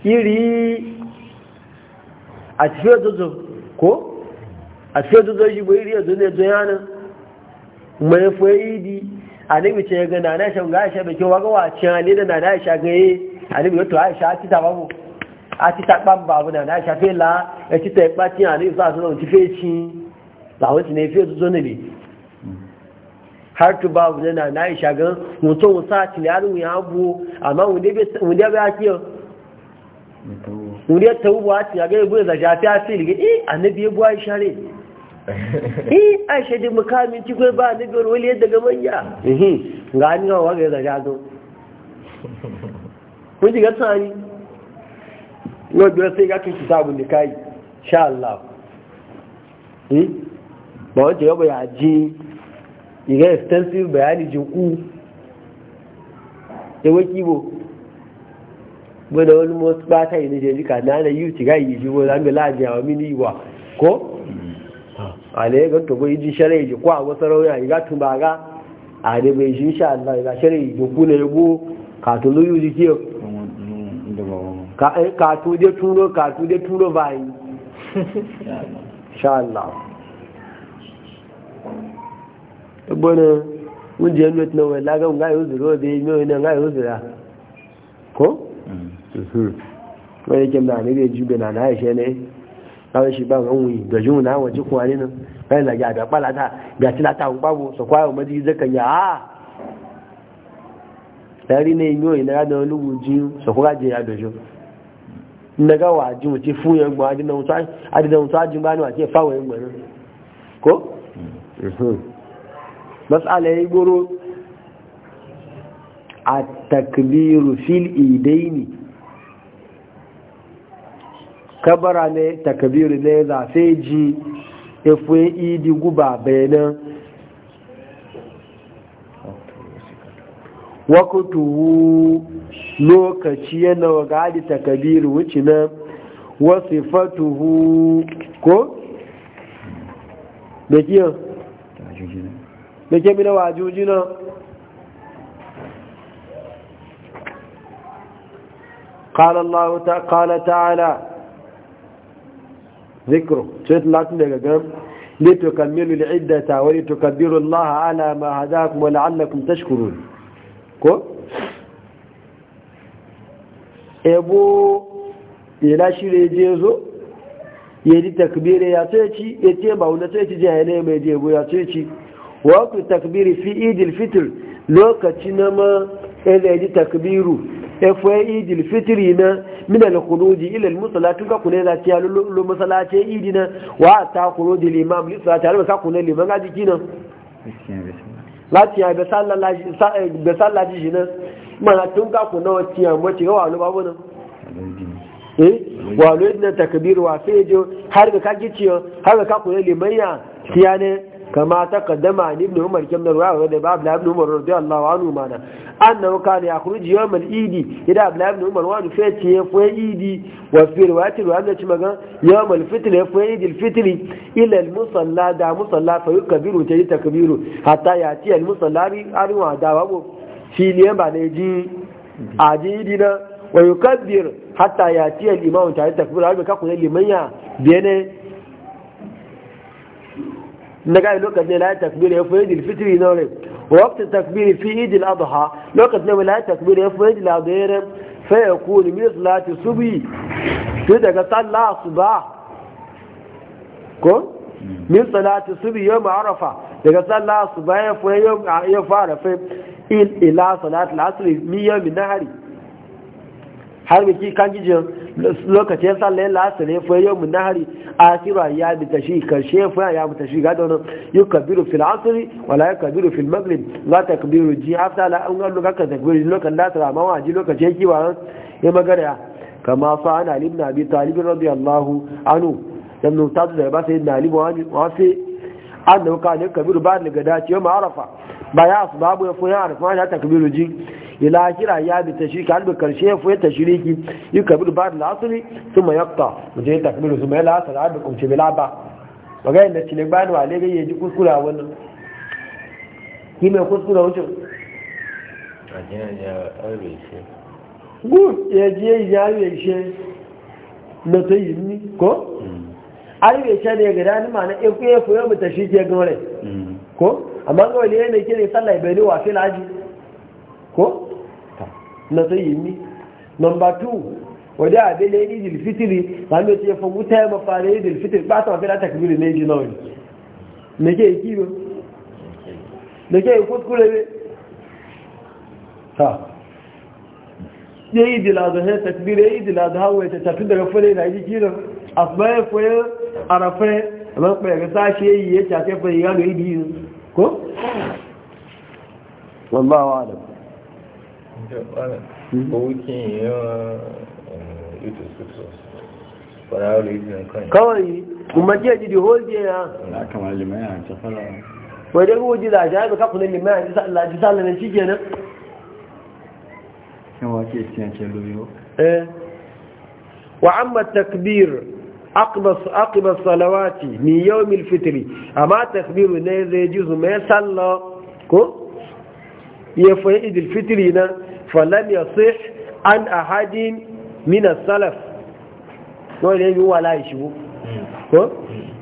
iri a cikin duzo ko a cikin duzo shi bai iri a duniya duniya nan mai fa'idi annabi ce ga nana shan ga aisha bai kewa ga wacin hali da nana aisha ga yi annabi wato aisha a tita babu a tita ban babu nana aisha fe la e e ya ta ya ɓaci annabi sa su rauci fe ci ba wacce ne fe su zo ne har tu babu na nana aisha ga mutum wusa tilarin ya abu amma wunde bai ake wunde ta wubu a tilarin ya buɗe zajafi a fi ilge eh annabi ya e buwa ya share eh a shaidi mukamin cikin ba na biyar wali yadda ga manya ga an yawa waga ya zaga zo kun ji gasa ani yau biyar sai ga tun kisa abin da kayi sha Allah ba wacce yau ya ji iga extensive bayani jinku ya waki bo bai da wani motsi ba ta yi na jejika na na yi ci ga yi ji bo zan bi lajiyawa mini wa ko ale ga to iji shari'a ji kwa wasu rauya ya gatu ba ga a da bai shi sha Allah ga shari'a ji ku ne yabo ka luyu ji ke ka eh, ka turo katu to turo bai sha Allah e bane mun je wai laga mun ga ngai uzuro be mi ne yau uzura ko mhm wai da ne ji na na e shi ne láwọn ṣe bá wọn wùnyí dọ̀jú wọn náà wọ́n jí kún alẹ́ náà wọ́n yìí làjà àdàpá látà gàtí látà ń pàbò sọ̀kọ́ àwọn ọmọdé yìí zẹ́kẹ̀ yà á lárí ní inú ìnara náà olówó jí sọ̀kọ́ àjẹ àdọ̀jú nnaga wà jí wọn ti fún yẹn gbọ́n adínàwọn wa ájú bá ní àti ẹ̀fà wọn gbọ́n kó masalẹ̀ igboro àtàkìlì rufin ìdẹ́yìnì kabara ne takabiru ne zafe ji efe idi guba bayanan wakutuhu lokaci yana gadi takabiru wuce na wasifatuhu ko? hu ko da ke mina wajuji na قال الله تعالى ذكره سيد الله تنجا قام لتكملوا العدة ولتكبروا الله على ما هداكم ولعلكم تشكرون كو ebo shirya ya je zo ya ji takbiri ya ce ci ya ce ba wanda ce ci jiya ne mai je ya ce ci wa ku takbiri fi idil lokaci na ma ya takbiru efe idil fitiri na minal khuruji ila al musalla tun ka kune zati ya lulu ce, idi na wa ta khuruji al imam li salati al ka kune liman ga jiki na lati ya be sallallahi e, be sallallahi jina mana tun ka kune wati ya mo ti wa lu babu na eh wa lu e idna takbir wa fejo har ga ka gici har ga ka kune liman ya ne. kama ta kaddama ni ibn umar kimna ruwa da babu ibn umar radiyallahu anhu mana annahu kana yakhruju yawm al-idi ida abla ibn umar wa fati ya fa idi wa fi riwayati wa anna ci magan yawm al ya fa idi al ila al-musalla da musalla fa yukabiru ta yi takbiru hatta yati al-musalla bi arwa da wabo filiyan ba ne ji ajidi na wa yukabbir hatta yati al-imam ta yi takbiru har ka kuma liman ya bene نجاي لوقت نلاقي تكبير في عيد الفطر ينوري ووقت التكبير في عيد الأضحى لوقت نلاقي تكبير في عيد الأضحى فيكون مثل صلاة الصبح كده قتال لا صباح كون من صلاة الصبح يوم عرفة قتال لا صباح في يوم يوم عرفة إلى صلاة العصر مية من نهاري har biki kan gijin lokacin sallar la'asar ya fi yau munahari a kira ya bi tashi karshe fi ya bi tashi ga da wani yi kabiru fil asiri wala ya kabiru fil maglin za ta kabiru ji hafta la an gano kakar takbiru kabiru lokacin la'asar amma waji lokacin yake ba ya magana kama fa ana alim na bi talibin allahu anu dan nuta da ba sai na alibu wasi an da kabiru ba daga dace ma arafa ba ya asbabu ya fi ya arafa ya Kabiru ji ila kira ya bi tashrik an karshe ya tashriki yukabiru ba al asli thumma yaqta muje takmilu thumma la asr an kum ce bilaba inda da cile bani wale ga yaji kuskura wannan ki mai kuskura wuce ajiya ya je ya yi she na ta yi ni ko arwe she ne ga dani ma na efu efu ya mu tashriki ya gore ko amma ga wale ne kire sallah bai ne wa fil aji ko na sai yi mi number 2 wadda abin ya yi idil fitiri ta hanyar ce fa wuta ya mafara yi idil fitiri ba ta mafi da takbiri na yi nawa ne ke yi kiwo da ke yi kuskure ne ta ya yi idil azuhar takbiri ya yi idil azuhar wai ta tafi daga fure na yi a asibaya fure a arafe a kuma ya ga sashe yi ya shafe fure ya ga idil ko wallawa adam Eh, kawai kuma jiya jidi holje ya kamar limaya a cikin wai kakunan limaya a jisa Allah jisa Allah na shi kenan yawa ke siyancin loyo eh. wa amma takbir aqibar salawati ni yau milfitri amma takbiru ne zai ji su mai sallah ko ya fayi fitri na falam ya sih an ahadin min salaf wani yi wala ya shigo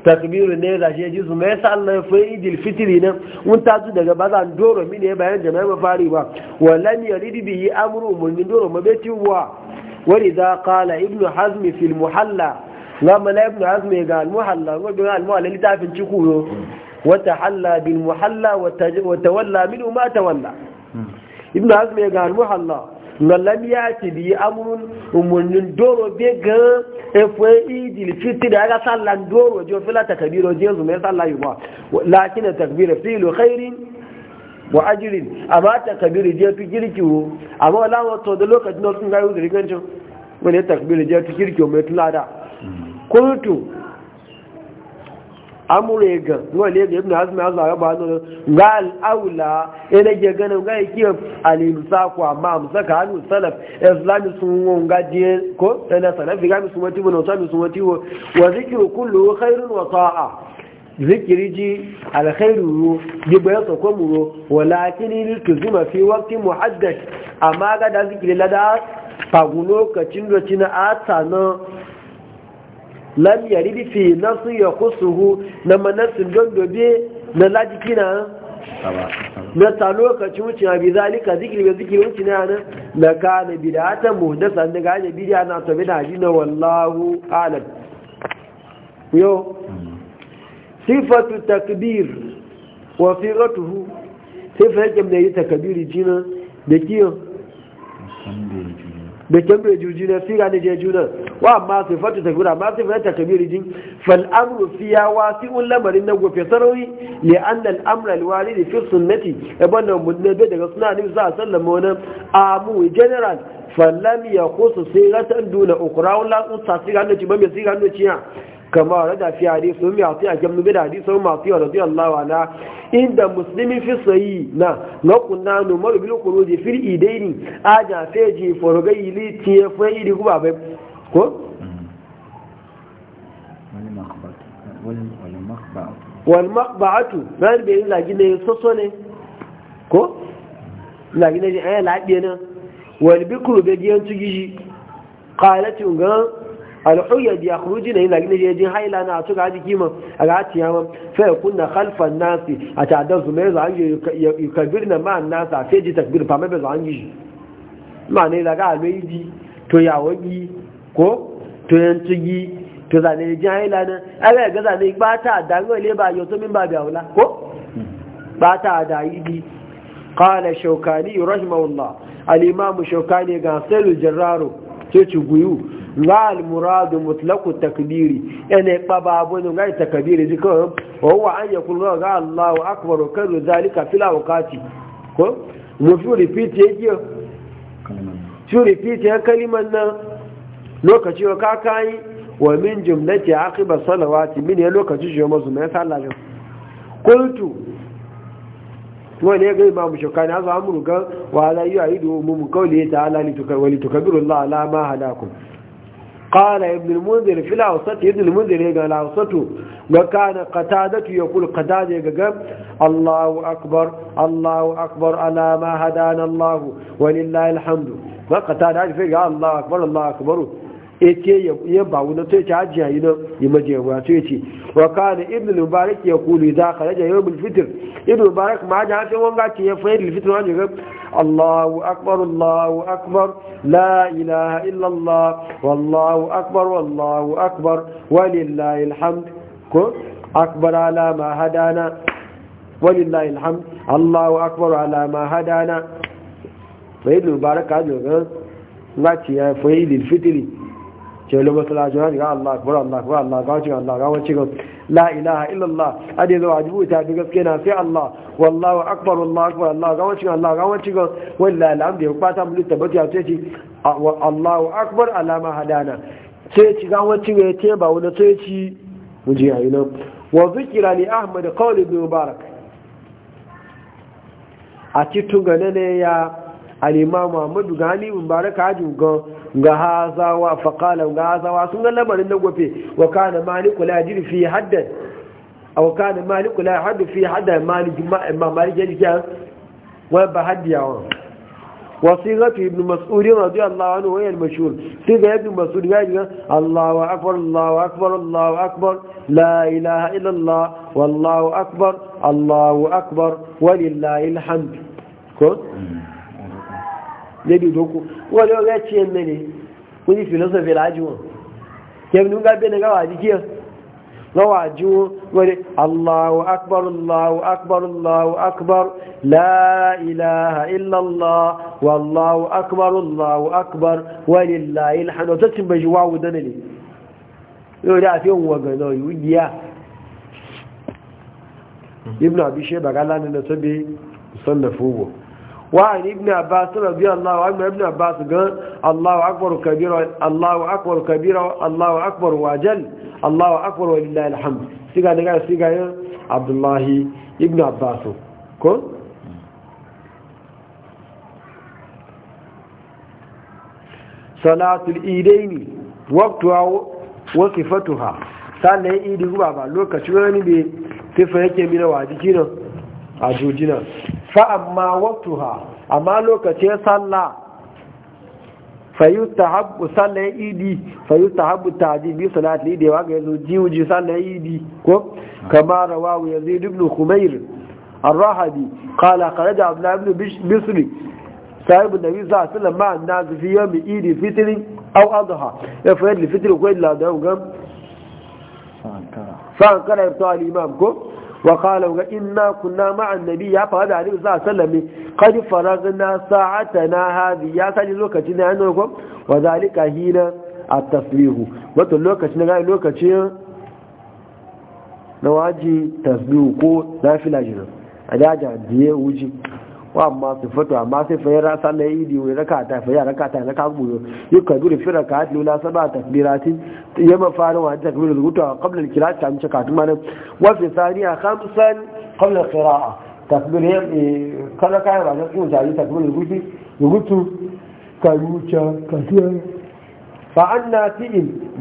takbiru ne da shi jisu mai sa Allah ya fayi idil fitri nan mun tazu daga bazan doro mine bayan jama'a ba fari ba walam yarid bihi amru mun doro mabeti wa ولذا قال ابن ga في المحلى لما لا ابن حزم littafin المحلى وقال المحلى اللي تعرف تشكوه وتحلى بالمحلى وتولى منه ما ibn hazm ya ga muhalla na lam yati bi amrun umurnin doro be ga efo idil fiti da ga sallan doro jo fila takbiro je zuma sallah yuba lakin takbir filu khairin wa ajrin amma takbir je fi kirki wo amma wala wato da lokacin da sun ga yuzu rigancin wani takbir je fi kirki wo mai tulada kuntu hmm. amurega ga ne le ga ibn hazm azza ya ba no gal aula ene ge gana ga yake al imsaku amma ka anu salaf islami sun won ga je ko ene salafi ga sun wati no sabi sun wati wa zikru kullu khairun wa ta'a zikiri ji alkhairu ru ji bayan tsakon muro walakini liltuzima fi waqtin muhaddad amma ga da zikiri lada fagu lokacin da cina lam yaridi fi nasu ya kusuhu na manasin don dobe na lajikina na ta lokaci wuce a bizalika zikiri ga zikiri wuce na yana na ka na bidata muhdasa da gaje bidiya na to da ji na wallahu alam yo sifatu takbir wa siratuhu sifatu yake mai takbiri jina da kiyo da juji na sira ne je juna wa amma sai fata takbira amma sai fata takbiri din fal amru fiya un lamarin na gofe sarawi li anna al amra al walid fi sunnati ibn munne be daga sunna ne sa sallama wannan amu general fallam yakhusu siratan duna ukra wala usta sira ne ci ba me sira ne ci كما رد في حديث أمي عطية كم نبدا حديث أم عطية رضي الله عنها عند مسلم في صحيحنا نقولنا نمر بالقروض في الإيدين أجا فيجي فرغي لي تيفي لكم أبب كو والمقبعة ما نبين لكن يسوسوني كو لكن يجي أنا لعبينا والبكر بيجي أنتو جيجي قالت ينقل al'uyyar da ya kuruji na yin lagina ya jin haila na su ga jiki man a ga tiya man fa ya kunna khalfan nasi a tadar su za an yi kabir na ma'an nasa sai ji takbir fa mai an yi ma ne daga alwaiji to ya wagi ko to yantugi to zane ne jin haila na ala ga zane ba ta da le ba yau to min ba da wala ko ba ta da yi bi? qala shawkani rahimahullah al-imam shawkani ga sirrul jarraro ce ci guyu la almuradu mutlaku takbiri ene abu abun gai takbiri ji ko wa an yakul ga Allahu akbar kazu zalika fil awqati ko mu fi repeat yake shi repeat ya kaliman nan lokaci wa kai wa min jumlati aqiba salawati min ya lokaci shi mazu mai sallaje qultu wani ya ma mu shauka ne haka amuru ga wa yi a yi domin mu kawai ya ta'ala ne wani tukabiru la'ala ma halakun kala ya bin munzir fila wasatu ya bin munzir ga a wasatu ga kana qatadatu ya kula qatada ga ga allahu akbar allahu akbar ala ma hadana allahu walillahi alhamdu ba qatada ya fi ga allahu akbar allahu akbaru ake ya ba wani to ya ci hajiya yi na yi majiya ba to ya ce وكان ابن المبارك يقول إذا خرج يوم الفطر ابن المبارك ما جاء في وانغا كي يفيد الفطر الله أكبر الله أكبر لا إله إلا الله والله أكبر والله أكبر ولله الحمد أكبر على ما هدانا ولله الحمد الله أكبر على ما هدانا فإذن المبارك عجل غاتي يا فإذن الفتري jelo lo masala jona ga Allah akbar Allah akbar Allah ga wacin Allah ga ga la ilaha illallah ade zo wajibu ta bi gaske na sai Allah wallahu akbar Allah akbar Allah ga ga Allah ga wacin wallahi alhamdu ya kwata mu tabbata ya ce Allahu akbar alama hadana sai ci ga wace ga ce ba wani sai ci mu ji ayi nan wa zikira li ahmad qawl ibn mubarak a ci tugane ne ya alima muhammadu gani mubaraka haju gan ga haza wa faqala ga haza wa sun ga labarin da gofe wa kana maliku la yajri fi haddan aw kana maliku la yahdu fi haddan malik ma malik yajka wa ba hadiyawa وصيغة ابن مسعود رضي الله عنه وهي المشهور صيغة ابن مسعود قال الله أكبر الله أكبر الله أكبر لا إله إلا الله والله أكبر الله أكبر ولله الحمد كون lébi ìdókù wọ́n lé ọgá tí ẹ mẹ́rin wọ́n ní philosophy láàájú wọn kẹfì ní gáwà àdíjí ẹ̀ lọ́wọ́ àjú wọ́n akbar allahu akbar allahu akbar la ilaha illallah wallahu akbar akbar ibn Waani Ibn Abbas sababbiya Allah wa'imna Ibn Abbas gano Allah wa'imnu Akwabar Kabiru Allah wa'imnu Akwabar Wajen Allah wa'imnu Akwabar Wadir hamsin kaɗan kada kawai Sani a yi Abdullahi Ibn Abbas ko. Sannan tsin yi idan ni Waktua wasifatu ha sannan ba lokacin wani bai fi yake mina wajen jina a fa amma waktuha amma lokacin sallah fayutahabbu sallah idi fayutahabbu tajibi salati idi waga yazo jiwji sallah idi ko kama rawahu yazid ibn khumair ar-rahabi qala qala abd allah ibn bisri sahib nabi sallallahu alaihi wasallam ma fi yawmi idi fitri aw adha ya fayd li fitri ko illa da ugam sa'an kana fa kana ibtu al ko Wakala, wakan yana kunna ma'anabi, ya faru da alayyahu, za'a sallame. Kar ka faranta na sa, haka Ya sani lokacin da ya nuna ko, wa lakali hira a tasbiyyar. Wata lokacin da ya gani lokacin da waje ko za fi la'ajina? A wa ma su fito amma sai fa yara yi idi wai raka ta fa yara raka ta na ka guyo yi ka dure fira ka hadi la saba takbirati ya ma fara wa zuwa qabla al ta wa fi thaniya khamsan qabla al-qira'a takbir ya eh, kala kai ba da kun ta yi فعن نافئ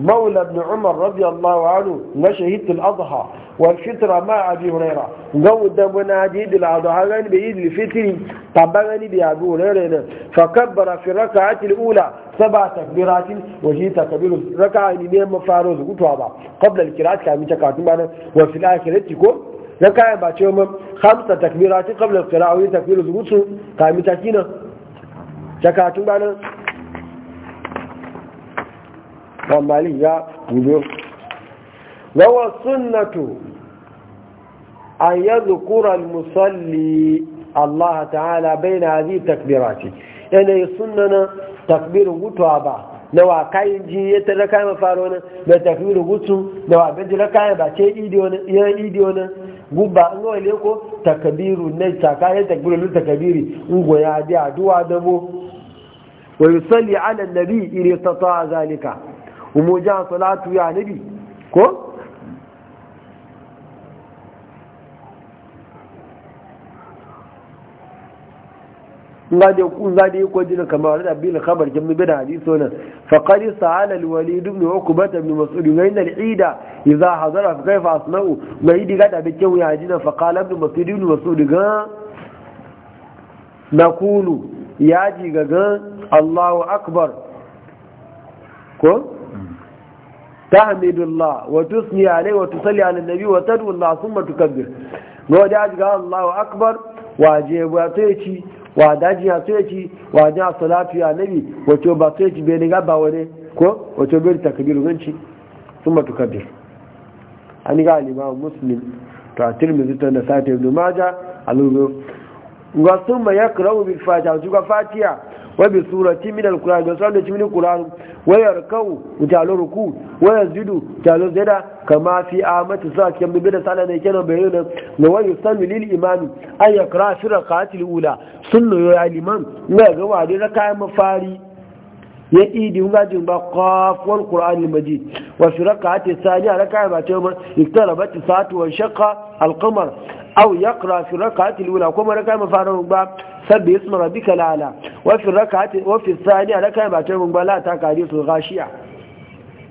مولى ابن عمر رضي الله عنه نشهد الأضحى والفطرة مع أبي هريرة قود ابن عديد الأضحى غني بإيد الفطر طبعا غني بأبي هريرة فكبر في الركعة الأولى سبع تكبيرات وجيت كبير ركعة إني يعني مفاروز قبل الكرات كان يتكاتم وفي الآخرة تكون ركعة باتيوم خمسة تكبيرات قبل القراءة تكبير الزغوط كان يتكينا تكاتم ba ya gudu gawa sunnatu an yi zukurar musalli Allah ta'ala bai na zai takbira ce yanayi sunana takbirin gutuwa ba na wa kayan ji ya tara kayan mafaro na da takbirin gutu na wa jira kayan ba ce idiyo na gubba an gawa leko takbiru na takayen takbirin takabiri ya da duwa dabo wa yusalli ala nabi iri ta ta zalika umu ja salatu ya nabi ko nga da ku za da yiko jina kamar da bil khabar kin bi da hadiso nan fa qad sa'ala al walid ibn uqbah ibn mas'ud ngain al ida idha hadara fa kayfa asna'u mai diga da bi kin ya jina fa qala ibn mas'ud ibn mas'ud ga naqulu ya ji ga Allahu akbar ko tahmidullah wa tusni alai wa tusalli ala nabi wa tadu Allah summa tukabbir go da ga Allahu akbar wa je ba to yaci wa daji ya to yaci wa ja salatu ya nabi wa to ba to yaci be ni ga ba wani ko wa to be takbiru ganci summa tukabbir an ga al-imam muslim to at-tirmidhi to da sa'id ibn majah alugo ga summa yakra'u bil fatiha ga fatiha wabi surati min don da sunan cikin alquran wayar kau mutalo ruku wayar zidu talo zada kama fi amati sa kan bibi da sala ne kenan bayyana wa wayu sami lil imami ay yakra fi rak'ati alula sunnu ya liman ne ga wadi raka'a mafari ya idi jin ba qafwal qur'an al-majid wa fi rak'ati thaniya raka ba ta ma iktarabat sa'atu wa shaqqa al-qamar aw yaqra fi rak'ati al-ula kuma raka'a mafarin ba sabbi isma rabbika lala. wafin raka'ati wafin saniya raka'a ba ta mun bala ta kari su gashiya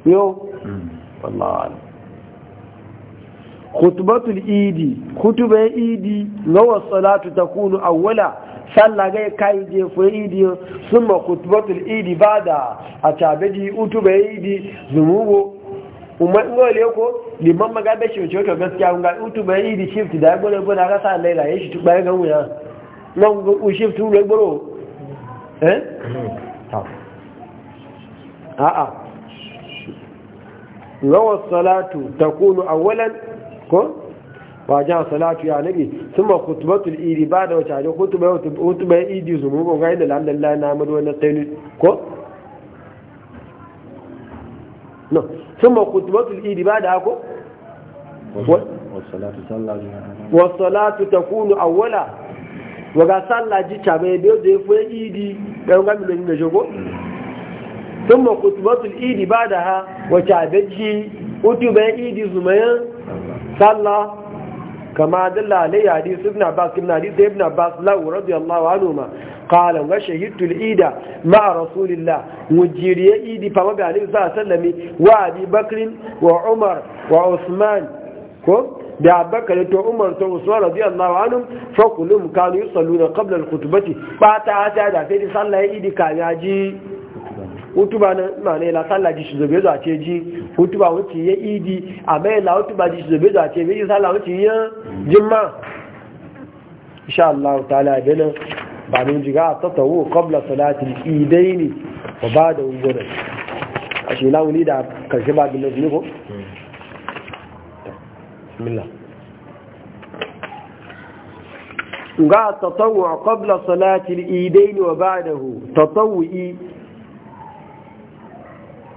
yau wallahi khutbatul idi khutba idi lawa salatu takunu awwala salla gai kai je fo idi summa khutbatul idi bada a tabeji utuba idi zumugo umma ngole ko liman maga be shi to gaskiya ga utuba idi shift da gore bona ga sa laila yashi tuba ga wuya non go shift tu le eh a'a rawar salatu takunu kunu awalan ko wajen salatu ya nabi sun ma kutubatul iri ba da wace hajji kutuba ya idi su mugun ga inda lalala na amadu wani tsaini ko no sun ma kutubatul iri ba da ako wasu salatu ta kunu awala waga sallah ji cabe da da yafi idi da yawan gami lojin da jogo sun ma idi ba da ha wace abinci utu bayan idi zumayen sallah kama dalla alai hadisi ibn abbas ibn hadisi ibn abbas lahu radiyallahu anhu ma qala wa shahidtu al-ida ma'a rasulillah mujiriya idi fa mabi alaihi sallami wa abi bakr wa umar wa usman ko da abubakar to umar to usman radiyallahu anhu fa kullum kanu yusalluna qabla al-khutbati ba ta ta da sai sallah idi kana ji hutuba na mane la sallah ji zobe zo ace ji hutuba wuce ya idi amma la hutuba ji zobe zo ace bi sallah wuce ya jimma insha Allah ta'ala nan ba mun jiga tatawu qabla salati al-idaini wa ba'da wujudan ashe lawuli da karshe ba bin ne ko bismillah ga tatawwa qabla salati al-idayn wa ba'dahu tatawwi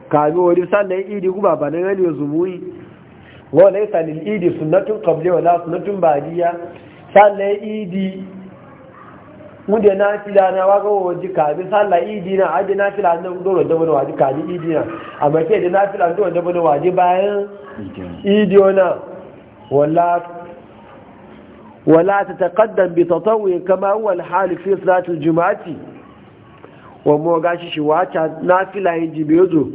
kabi wani sannan idi kuma ba na gani zumuyi wa laysa lil idi sunnatun qabli wa la sunnatun ba'diya Sannan idi mude na fila na waga waje kabi sallan idi na aji na fila na dole da wani waje kabi idi na amma ke da na fila dole da wani waje bayan idi na ولا تتقدم بتطوع كما هو الحال في صلاة الجمعة وموغاشي شواتا نافلة يجبيزو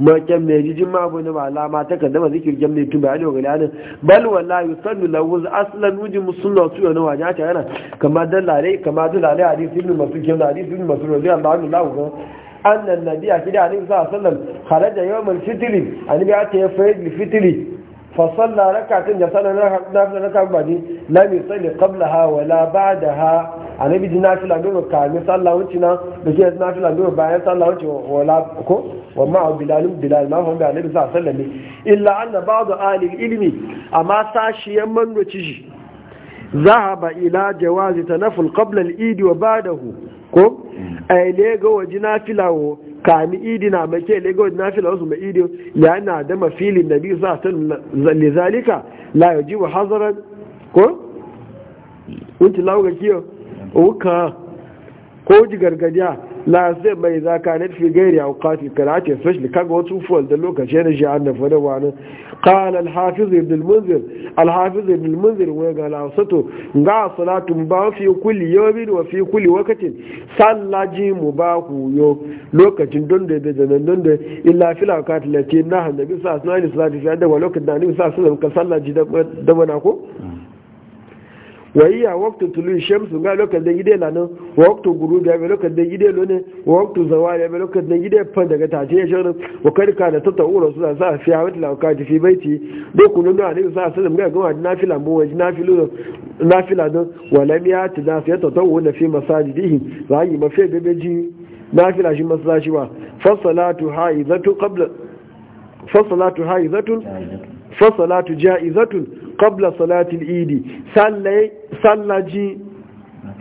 ما كم نجي ما بنا ما لا ما تقدم ذكر جمع تبعني وغلانا بل ولا يصلي لو اصلا وجه مسلم سوى نوع جاتا انا كما دل عليه كما دل عليه حديث ابن مسعود كما حديث ابن مسعود رضي الله عنه لا أن النبي صلى الله عليه وسلم خرج يوم الفتر أن يأتي يفيد لفتري فصلى ركعتين ده صلى نافله ركعه بعدين لم يصلي قبلها ولا بعدها انا بدي نافله دور كامي صلى وجهنا بجي نافله دور بعدين صلى وجه ولا كو ومع بلال بلال ما هم النبي صلى الله عليه وسلم الا ان بعض اهل العلم اما ساشي من وجهي ذهب الى جواز تنفل قبل الايد وبعده كو اي لغا وجنا فلاو kami idi na make lego na fila wasu mai idi ya na da mafilin nabi za ta zalle zalika la yaji wa hazaran ko wuce lauga kiyo uka ko ji gargadiya la sai mai zaka na fi gairi a wukati karate especially kaga wasu fuwal da lokaci da shi an da fada wani قال الحافظ ابن المنذر الحافظ ابن المنذر وقال أوسطه قال صلاة مباح في كل يوم وفي كل وقت صلى جي مباح يو لوكا جندون دي دون دي إلا في الأوقات التي نهى النبي صلى الله عليه وسلم صلاة في عدة ولوكا النبي صلى الله عليه وسلم كصلى جي دمناكو wayya waqtu tulu shamsu ga lokacin da gide lanan waqtu guru ga lokacin da gide lone waqtu zawali ga lokacin da gide fa daga tace ya shirin wa karka da tata ura su sa fi hawati la ka fi baiti do kullu da ne sa sallam ga gama fi mu waji nafilu nafila don wala miya ta da fiye tatawu da fi masajidihi za yi mafi bebeji nafila shi masallaci ba fasalatu haizatu qabla fasalatu haizatun fasalatu ja'izatun qabla salatil idi sallai sallaji ko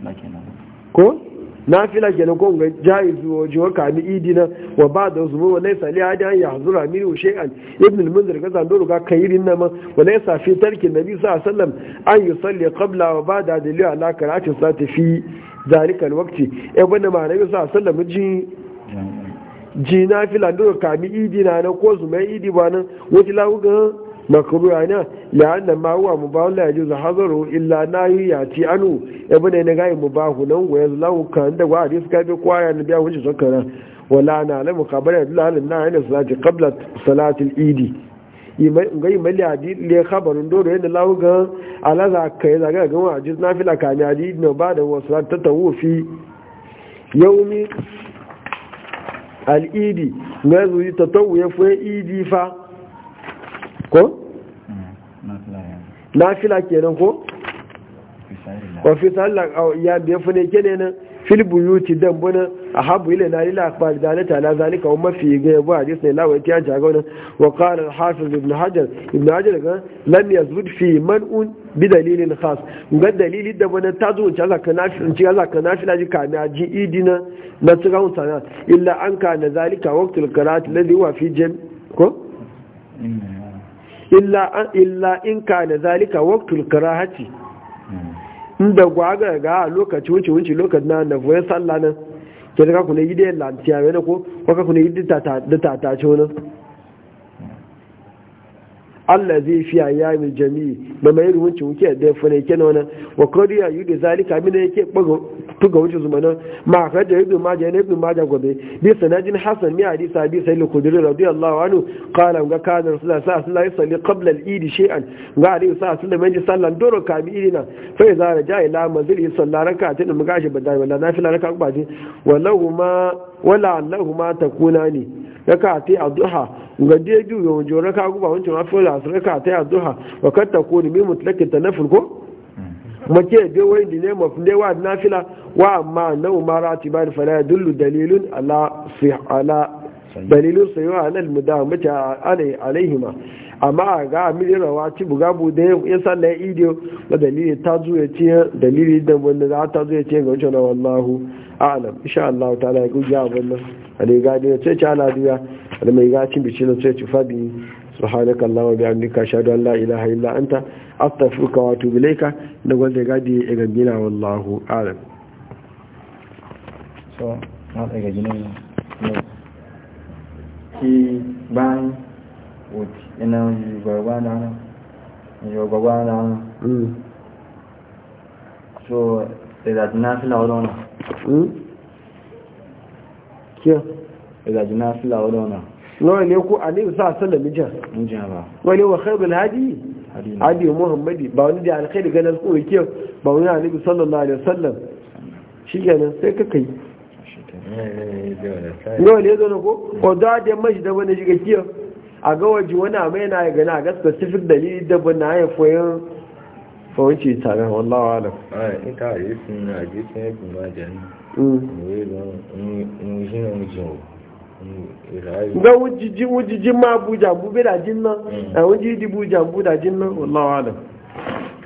nafila kenan ko ga jaizu wa jiwa kami na wa ba da zuwa wa laisa li hadi an yahzura wa shay'an ibn al-munzir ga zan ga kayirin nan wa laisa fi tarki nabi sallallahu alaihi wasallam an yusalli qabla wa ba'da dalil ala qira'ati sati fi zalika al-waqti e banda ma nabi sallallahu alaihi wasallam ji ji nafila doruga kami idi na ko zuma idi ba nan wuti lawo ga makruha na la'anna ma huwa mubahun la yajuzu hadaru illa nahi yati anu ibn ne ga mubahu nan wa yazlahu kan da wa hadis ka bi kwaya na biya wuce sakara wala na alamu khabara da halin na yana salati qabla salati al-eid ngai mali hadis le khabarun doro yadda lawo ga alaza kai zaga ga wa hadis nafila kan hadis no ba da wasu tatawufi yaumi al-eid ngai zuwa tatawufi idi fa ko nafila kenan ko wa fi sallan ya biya fune kene nan fil buyuti dan bana ahabu ila na lila akbar dalata la zalika wa mafi ga yabu hadis ne lawa ya jaga wannan wa qala al hafiz ibn hajar ibn hajar ga lam yazud fi man'un bi dalilin khas ga dalili da bana ta zo ta zaka na in ci zaka nafi laji ka na ji idina na tsira mutana illa an ka na zalika waqtul qira'at alladhi huwa fi jam ko illa in ka na zalika waktul karahati hmm. inda gwaga ga lokaci wuce wuce lokaci na na voye sallah nan ke daga kuna yi da lantiya wani ko kwaka kuna yi da tatace wani Allah zai fi a yami jami'i ba mai rumunci wuke da ya fune ke na wani wa kariya yi da zalika mina yake tuga wuce zumana ma fa da ibn majah ne ibn majah gobe bi sanadin hasan mi hadisi abi sa'id al-khudri radiyallahu anhu qala ga kana rasulullah sallallahu alaihi wasallam qabla al-eid shay'an ga ali sallallahu alaihi wasallam sallan doro ka mi idina fa idza raja ila manzili sallara ka tin mu gashi badai wala fi laraka ba ji walahuma wala allahuma takuna ni raka ta adduha ga dai biyu yawan jora ka guba fi afila raka ta adduha wa kad takuni bi mutlaqi tanafur ko hmm. mace bai wai dine mafi dai wa nafila wa amma na umara ti ba da fara dullu dalilun ala fi ala dalilun sayo alal mudamata alaihima amma a ga amiri rawa ci buga bude ya salla ya idiyo da dalili ta zuwa ce dalili da wanda za ta zuwa ce ga wancan wallahu a'lam insha Allah ta'ala ya guja a ale gadi na ce ci ala duya da mai gaci bici na ce ci fabi subhanaka allahumma bihamdika ashhadu an la ilaha illa anta astaghfiruka wa atubu ilayka da gwanda gadi ya gambina wallahu a'lam so na daga jinin ne ki ban wuti ina yorùbá mm. so na mm. lọ́wọ́ ne ku ba wani wa khairul hadi hadi muhammadi ba wani da alkhairi ganar ku ke ba wani alayhi sallallahu na wasallam shi kenan sai ka kai yau ne zo na ko kodo da mashi da shiga kiyar a ga waje wani abu yana ya gana ga specific dalili da na ya foyin foyin tare wallawa alam in ka yi sun na ji sun yi kuma jani ga wujijin ma bube da jin nan mm. a wujijin buja buda jin nan wallawa